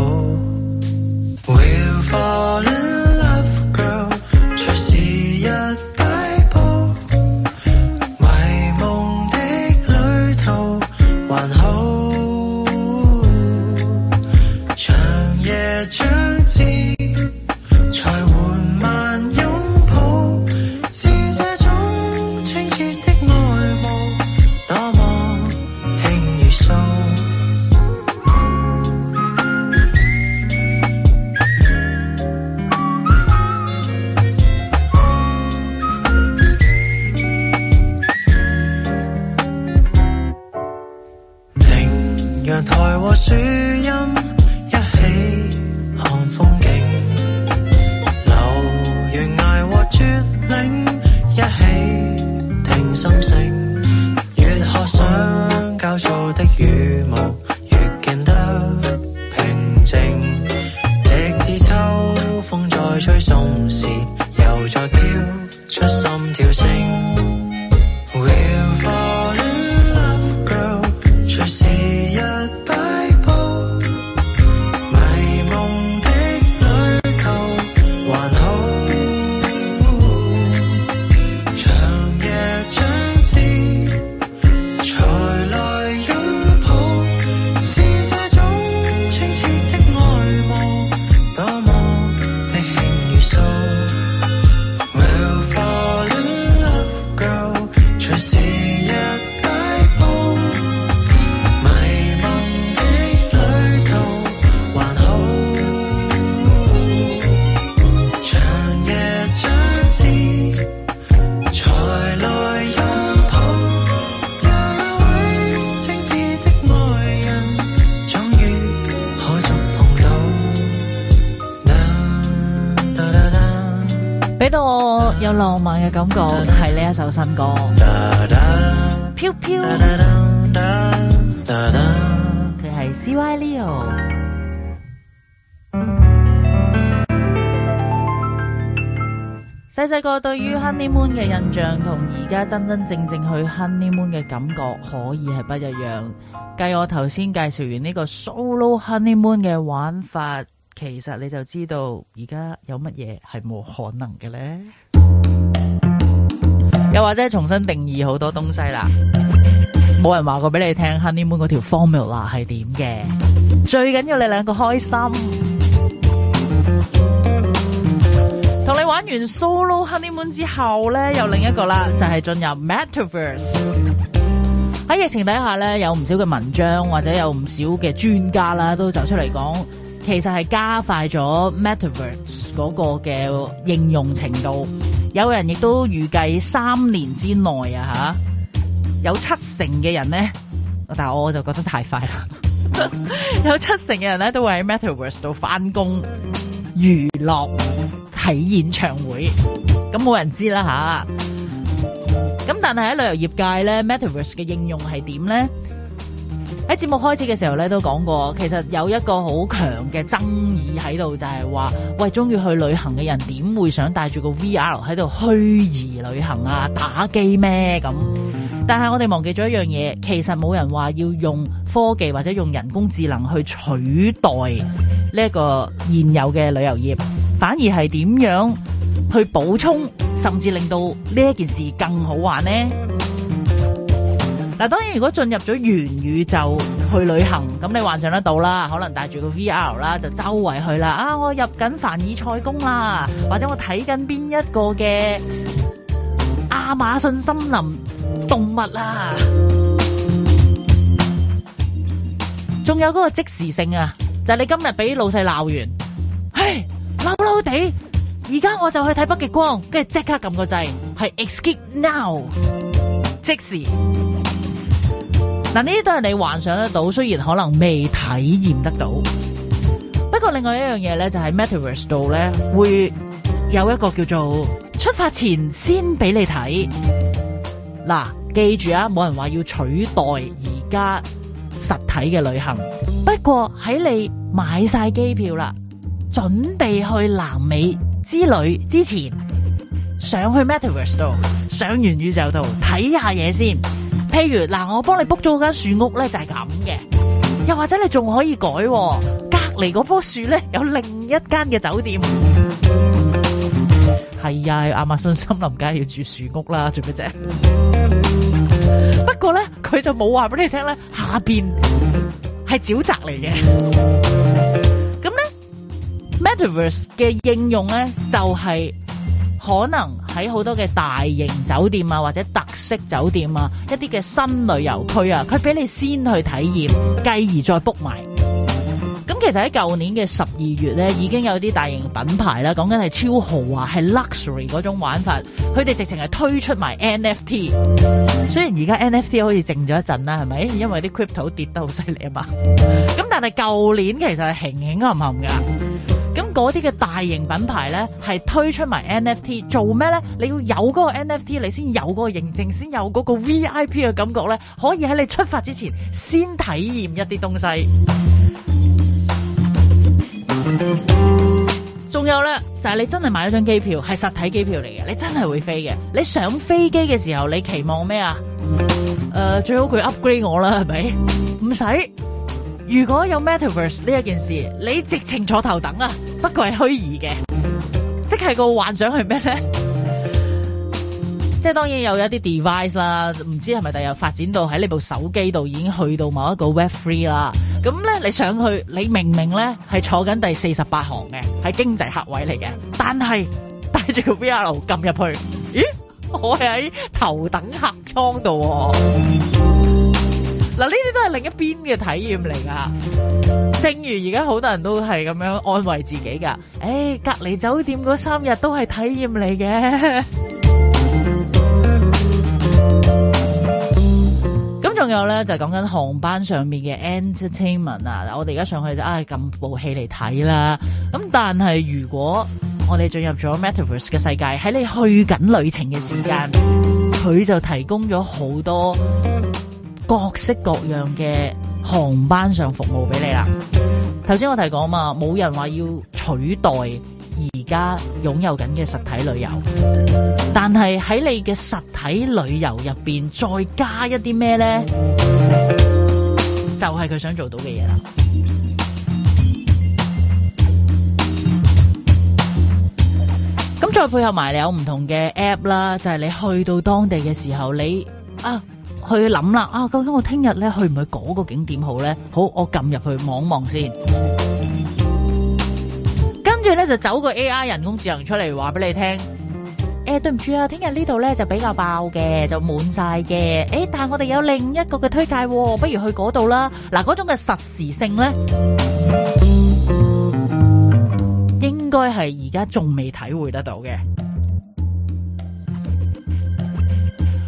We'll fall in 感覺係呢一首新歌，飄飄。佢係 C Y Leo。細細個對於 Honey Moon 嘅印象，同而家真真正正去 Honey Moon 嘅感覺，可以係不一樣。繼我頭先介紹完呢個 Solo Honey Moon 嘅玩法。其實你就知道而家有乜嘢係冇可能嘅咧，又或者重新定義好多東西啦。冇人話過俾你聽 Honeymoon 嗰條 formula 係點嘅。 最緊要你兩個開心。同 你玩完 Solo Honeymoon 之後咧，又另一個啦，就係、是、進入 Metaverse。喺 疫情底下咧，有唔少嘅文章或者有唔少嘅專家啦，都走出嚟講。其實係加快咗 Metaverse 嗰個嘅應用程度，有人亦都預計三年之內啊嚇，有七成嘅人咧，但係我就覺得太快啦， 有七成嘅人咧都會喺 Metaverse 度翻工、娛樂、睇演唱會，咁冇人知啦嚇。咁但係喺旅遊業界咧，Metaverse 嘅應用係點咧？喺節目開始嘅時候咧，都講過，其實有一個好強嘅爭議喺度，就係話，喂，中意去旅行嘅人點會想帶住個 VR 喺度虛擬旅行啊、打機咩咁？但係我哋忘記咗一樣嘢，其實冇人話要用科技或者用人工智能去取代呢一個現有嘅旅遊業，反而係點樣去補充，甚至令到呢一件事更好玩呢？嗱，當然如果進入咗元宇宙去旅行，咁你幻想得到啦，可能帶住個 VR 啦，就周圍去啦。啊，我入緊凡爾賽宮啦，或者我睇緊邊一個嘅亞馬遜森林動物啊，仲 有嗰個即時性啊，就係、是、你今日俾老細鬧完，唉，嬲嬲地，而家我就去睇北極光，跟住即刻撳個掣係 Escape Now，即時。嗱，呢啲都係你幻想得到，雖然可能未體驗得到。不過另外一樣嘢咧，就係、是、MetaVerse 度咧，會有一個叫做出發前先俾你睇。嗱、啊，記住啊，冇人話要取代而家實體嘅旅行。不過喺你買晒機票啦，準備去南美之旅之前，上去 MetaVerse 度，上元宇宙度睇下嘢先。譬如嗱，我幫你 book 咗間樹屋咧，就係咁嘅。又或者你仲可以改、啊，隔籬嗰棵樹咧有另一間嘅酒店。係啊， 亞馬遜森林梗係要住樹屋啦，做咩啫？ 不過咧，佢就冇話俾你聽咧，下邊係沼澤嚟嘅。咁 咧，Metaverse 嘅應用咧就係、是。可能喺好多嘅大型酒店啊，或者特色酒店啊，一啲嘅新旅遊區啊，佢俾你先去體驗，繼而再 book 埋。咁其實喺舊年嘅十二月咧，已經有啲大型品牌啦，講緊係超豪華係 luxury 嗰種玩法，佢哋直情係推出埋 NFT。雖然而家 NFT 好似靜咗一陣啦，係咪？因為啲 crypto 跌得好犀利啊嘛。咁但係舊年其實係行行冚冚㗎。咁嗰啲嘅大型品牌咧，係推出埋 NFT 做咩咧？你要有嗰個 NFT，你先有嗰個認證，先有嗰個 VIP 嘅感覺咧，可以喺你出發之前先體驗一啲東西。仲 有咧，就係、是、你真係買咗張機票，係實體機票嚟嘅，你真係會飛嘅。你上飛機嘅時候，你期望咩啊？誒、呃，最好佢 upgrade 我啦，係咪？唔使。如果有 Metaverse 呢一件事，你直情坐頭等啊！不過係虛擬嘅，即係個幻想係咩咧？即係當然有一啲 device 啦，唔知係咪第日發展到喺你部手機度已經去到某一個 web three 啦。咁咧你上去，你明明咧係坐緊第四十八行嘅，係經濟客位嚟嘅，但係戴住個 VR 撳入去，咦？我係喺頭等客艙度。嗱，呢啲都係另一邊嘅體驗嚟噶，正如而家好多人都係咁樣安慰自己噶、哎，誒隔離酒店嗰三日都係體驗嚟嘅。咁仲有咧就係講緊航班上面嘅 entertainment 啊，我哋而家上去就啊咁部戲嚟睇啦。咁、哎、但係如果我哋進入咗 Metaverse 嘅世界，喺你去緊旅程嘅時間，佢就提供咗好多。各式各樣嘅航班上服務俾你啦。頭先我提講嘛，冇人話要取代而家擁有緊嘅實體旅遊，但係喺你嘅實體旅遊入邊再加一啲咩呢？就係、是、佢想做到嘅嘢啦。咁再配合埋你有唔同嘅 app 啦，就係你去到當地嘅時候，你啊。去諗啦啊，究竟我聽日咧去唔去嗰個景點好咧？好，我撳入去望望先。跟住咧就走個 AI 人工智能出嚟話俾你聽。誒，對唔住啊，聽日呢度咧就比較爆嘅，就滿晒嘅。誒，但係我哋有另一個嘅推介喎，不如去嗰度啦。嗱，嗰種嘅實時性咧，應該係而家仲未體會得到嘅。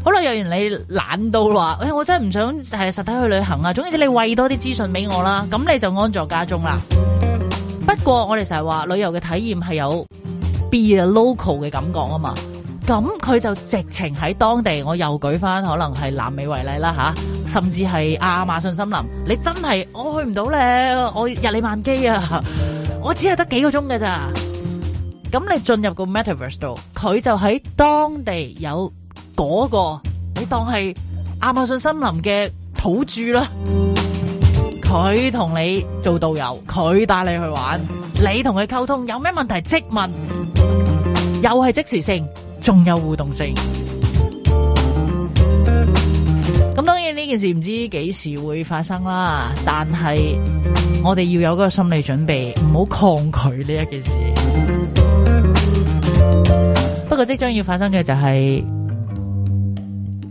好啦，若然你懶到話，哎，我真係唔想係實體去旅行啊！總之你喂多啲資訊俾我啦，咁你就安坐家中啦。不過我哋成日話旅遊嘅體驗係有 be a local 嘅感覺啊嘛，咁佢就直情喺當地。我又舉翻可能係南美為例啦吓，甚至係亞馬遜森林。你真係我去唔到咧，我日理萬機啊，我只係得幾個鐘嘅咋。咁你進入個 metaverse 度，佢就喺當地有。嗰個你當係亞馬遜森林嘅土著啦，佢同你做導遊，佢帶你去玩，你同佢溝通，有咩問題即問，又係即時性，仲有互動性。咁當然呢件事唔知幾時會發生啦，但係我哋要有個心理準備，唔好抗拒呢一件事。不過即將要發生嘅就係。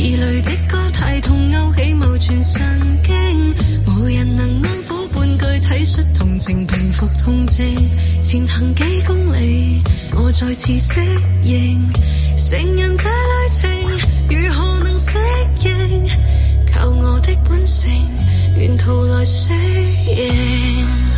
異類的歌太痛，勾起某存神經，無人能安撫半句體恤同情，平復痛症。前行幾公里，我再次適應。成人這旅程，如何能適應？求我的本性，沿途來適應。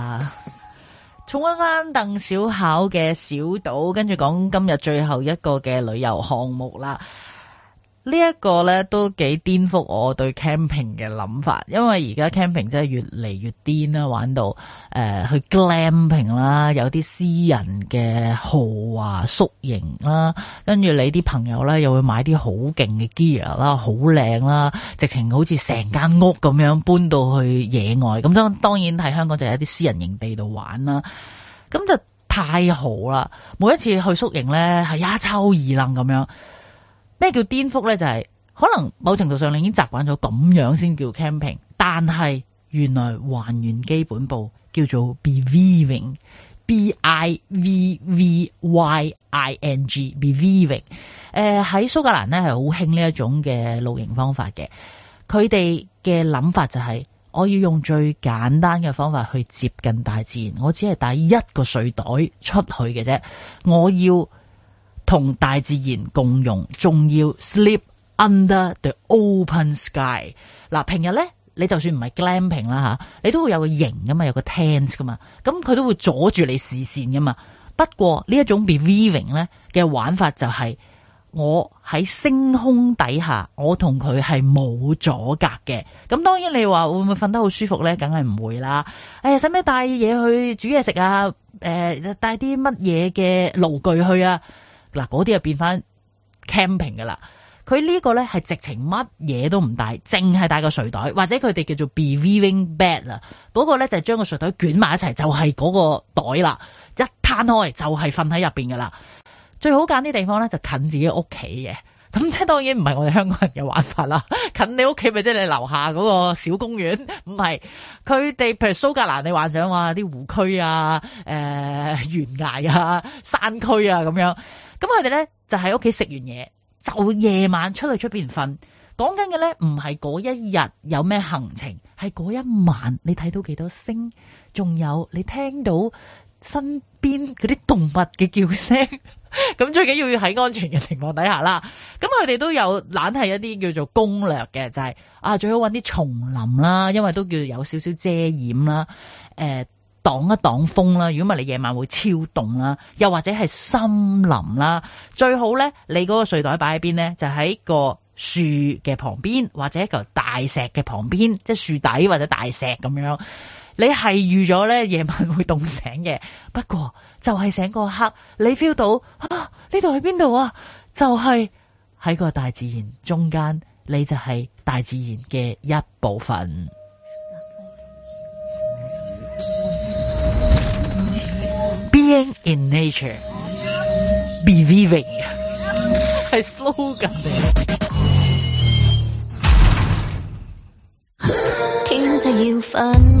重溫翻鄧小巧嘅小島，跟住講今日最後一個嘅旅遊項目啦。這個呢一個咧都幾顛覆我對 camping 嘅諗法，因為而家 camping 真係越嚟越癲啦，玩到誒、呃、去 glamping 啦，有啲私人嘅豪華宿營啦，跟住你啲朋友咧又會買啲好勁嘅 gear 啦，好靚啦，直情好似成間屋咁樣搬到去野外，咁當然喺香港就係一啲私人營地度玩啦，咁就太豪啦，每一次去宿營咧係一抽二楞咁樣。咩叫顛覆咧？就係、是、可能某程度上你已經習慣咗咁樣先叫 camping，但係原來還原基本步叫做 bivvying, b i v v y i n g b i v v y i n g bivvying、呃、誒喺蘇格蘭咧係好興呢一種嘅露營方法嘅，佢哋嘅諗法就係、是、我要用最簡單嘅方法去接近大自然，我只係帶一個睡袋出去嘅啫，我要，同大自然共融，仲要 sleep under the open sky。嗱，平日咧，你就算唔係 glamping 啦吓，你都會有個型噶嘛，有個 tent 噶嘛，咁佢都會阻住你視線噶嘛。不過呢一種 beavering 咧嘅玩法就係我喺星空底下，我同佢係冇阻隔嘅。咁當然你話會唔會瞓得好舒服咧？梗係唔會啦。哎呀，使唔使帶嘢去煮嘢食啊？誒，帶啲乜嘢嘅爐具去啊？嗱，嗰啲就變翻 camping 噶啦。佢呢個咧係直情乜嘢都唔帶，淨係帶個睡袋，或者佢哋叫做 be weaving bed 啊。嗰個咧就係將個睡袋捲埋一齊，就係嗰個袋啦。一攤開就係瞓喺入邊噶啦。最好揀啲地方咧就近自己屋企嘅。咁即係當然唔係我哋香港人嘅玩法啦，近你屋企咪即係你樓下嗰個小公園？唔係，佢哋譬如蘇格蘭，你幻想話啲湖區啊、誒、呃、懸崖啊、山區啊咁樣，咁佢哋咧就喺屋企食完嘢，就夜晚出去出邊瞓。講緊嘅咧唔係嗰一日有咩行程，係嗰一晚你睇到幾多星，仲有你聽到身邊嗰啲動物嘅叫聲。咁 最緊要要喺安全嘅情況底下啦，咁佢哋都有，懶，係一啲叫做攻略嘅，就係、是、啊最好搵啲叢林啦，因為都叫做有少少遮掩啦，誒、呃、擋一擋風啦，如果唔係你夜晚會超凍啦，又或者係森林啦，最好咧你嗰個睡袋擺喺邊咧，就喺個樹嘅旁邊或者一個大石嘅旁邊，即係樹底或者大石咁樣。你係預咗咧夜晚會凍醒嘅，不過就係醒個刻，你 feel 到啊，呢度喺邊度啊？就係喺個大自然中間，你就係大自然嘅一部分。Being in nature, be living，係 slogan。天就要瞓。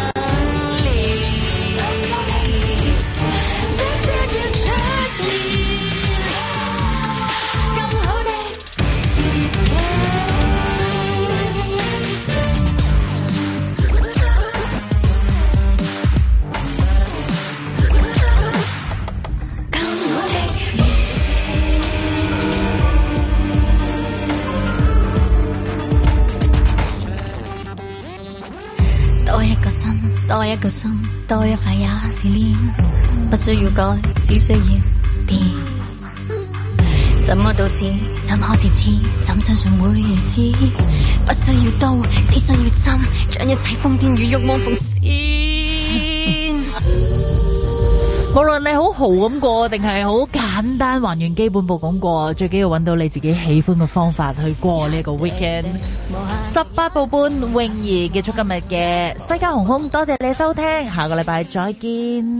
多一個心，多一塊也是煉。不需要改，只需要變。 怎麼到此，怎可自持？怎相信會如此？不需要刀，只需要針，將一切瘋癲與欲望縫死。無論你好豪咁過定係好簡單還原基本步咁過，最緊要揾到你自己喜歡嘅方法去過呢一個 weekend。十八步半泳兒結束今日嘅西加航空，多謝你收聽，下個禮拜再見。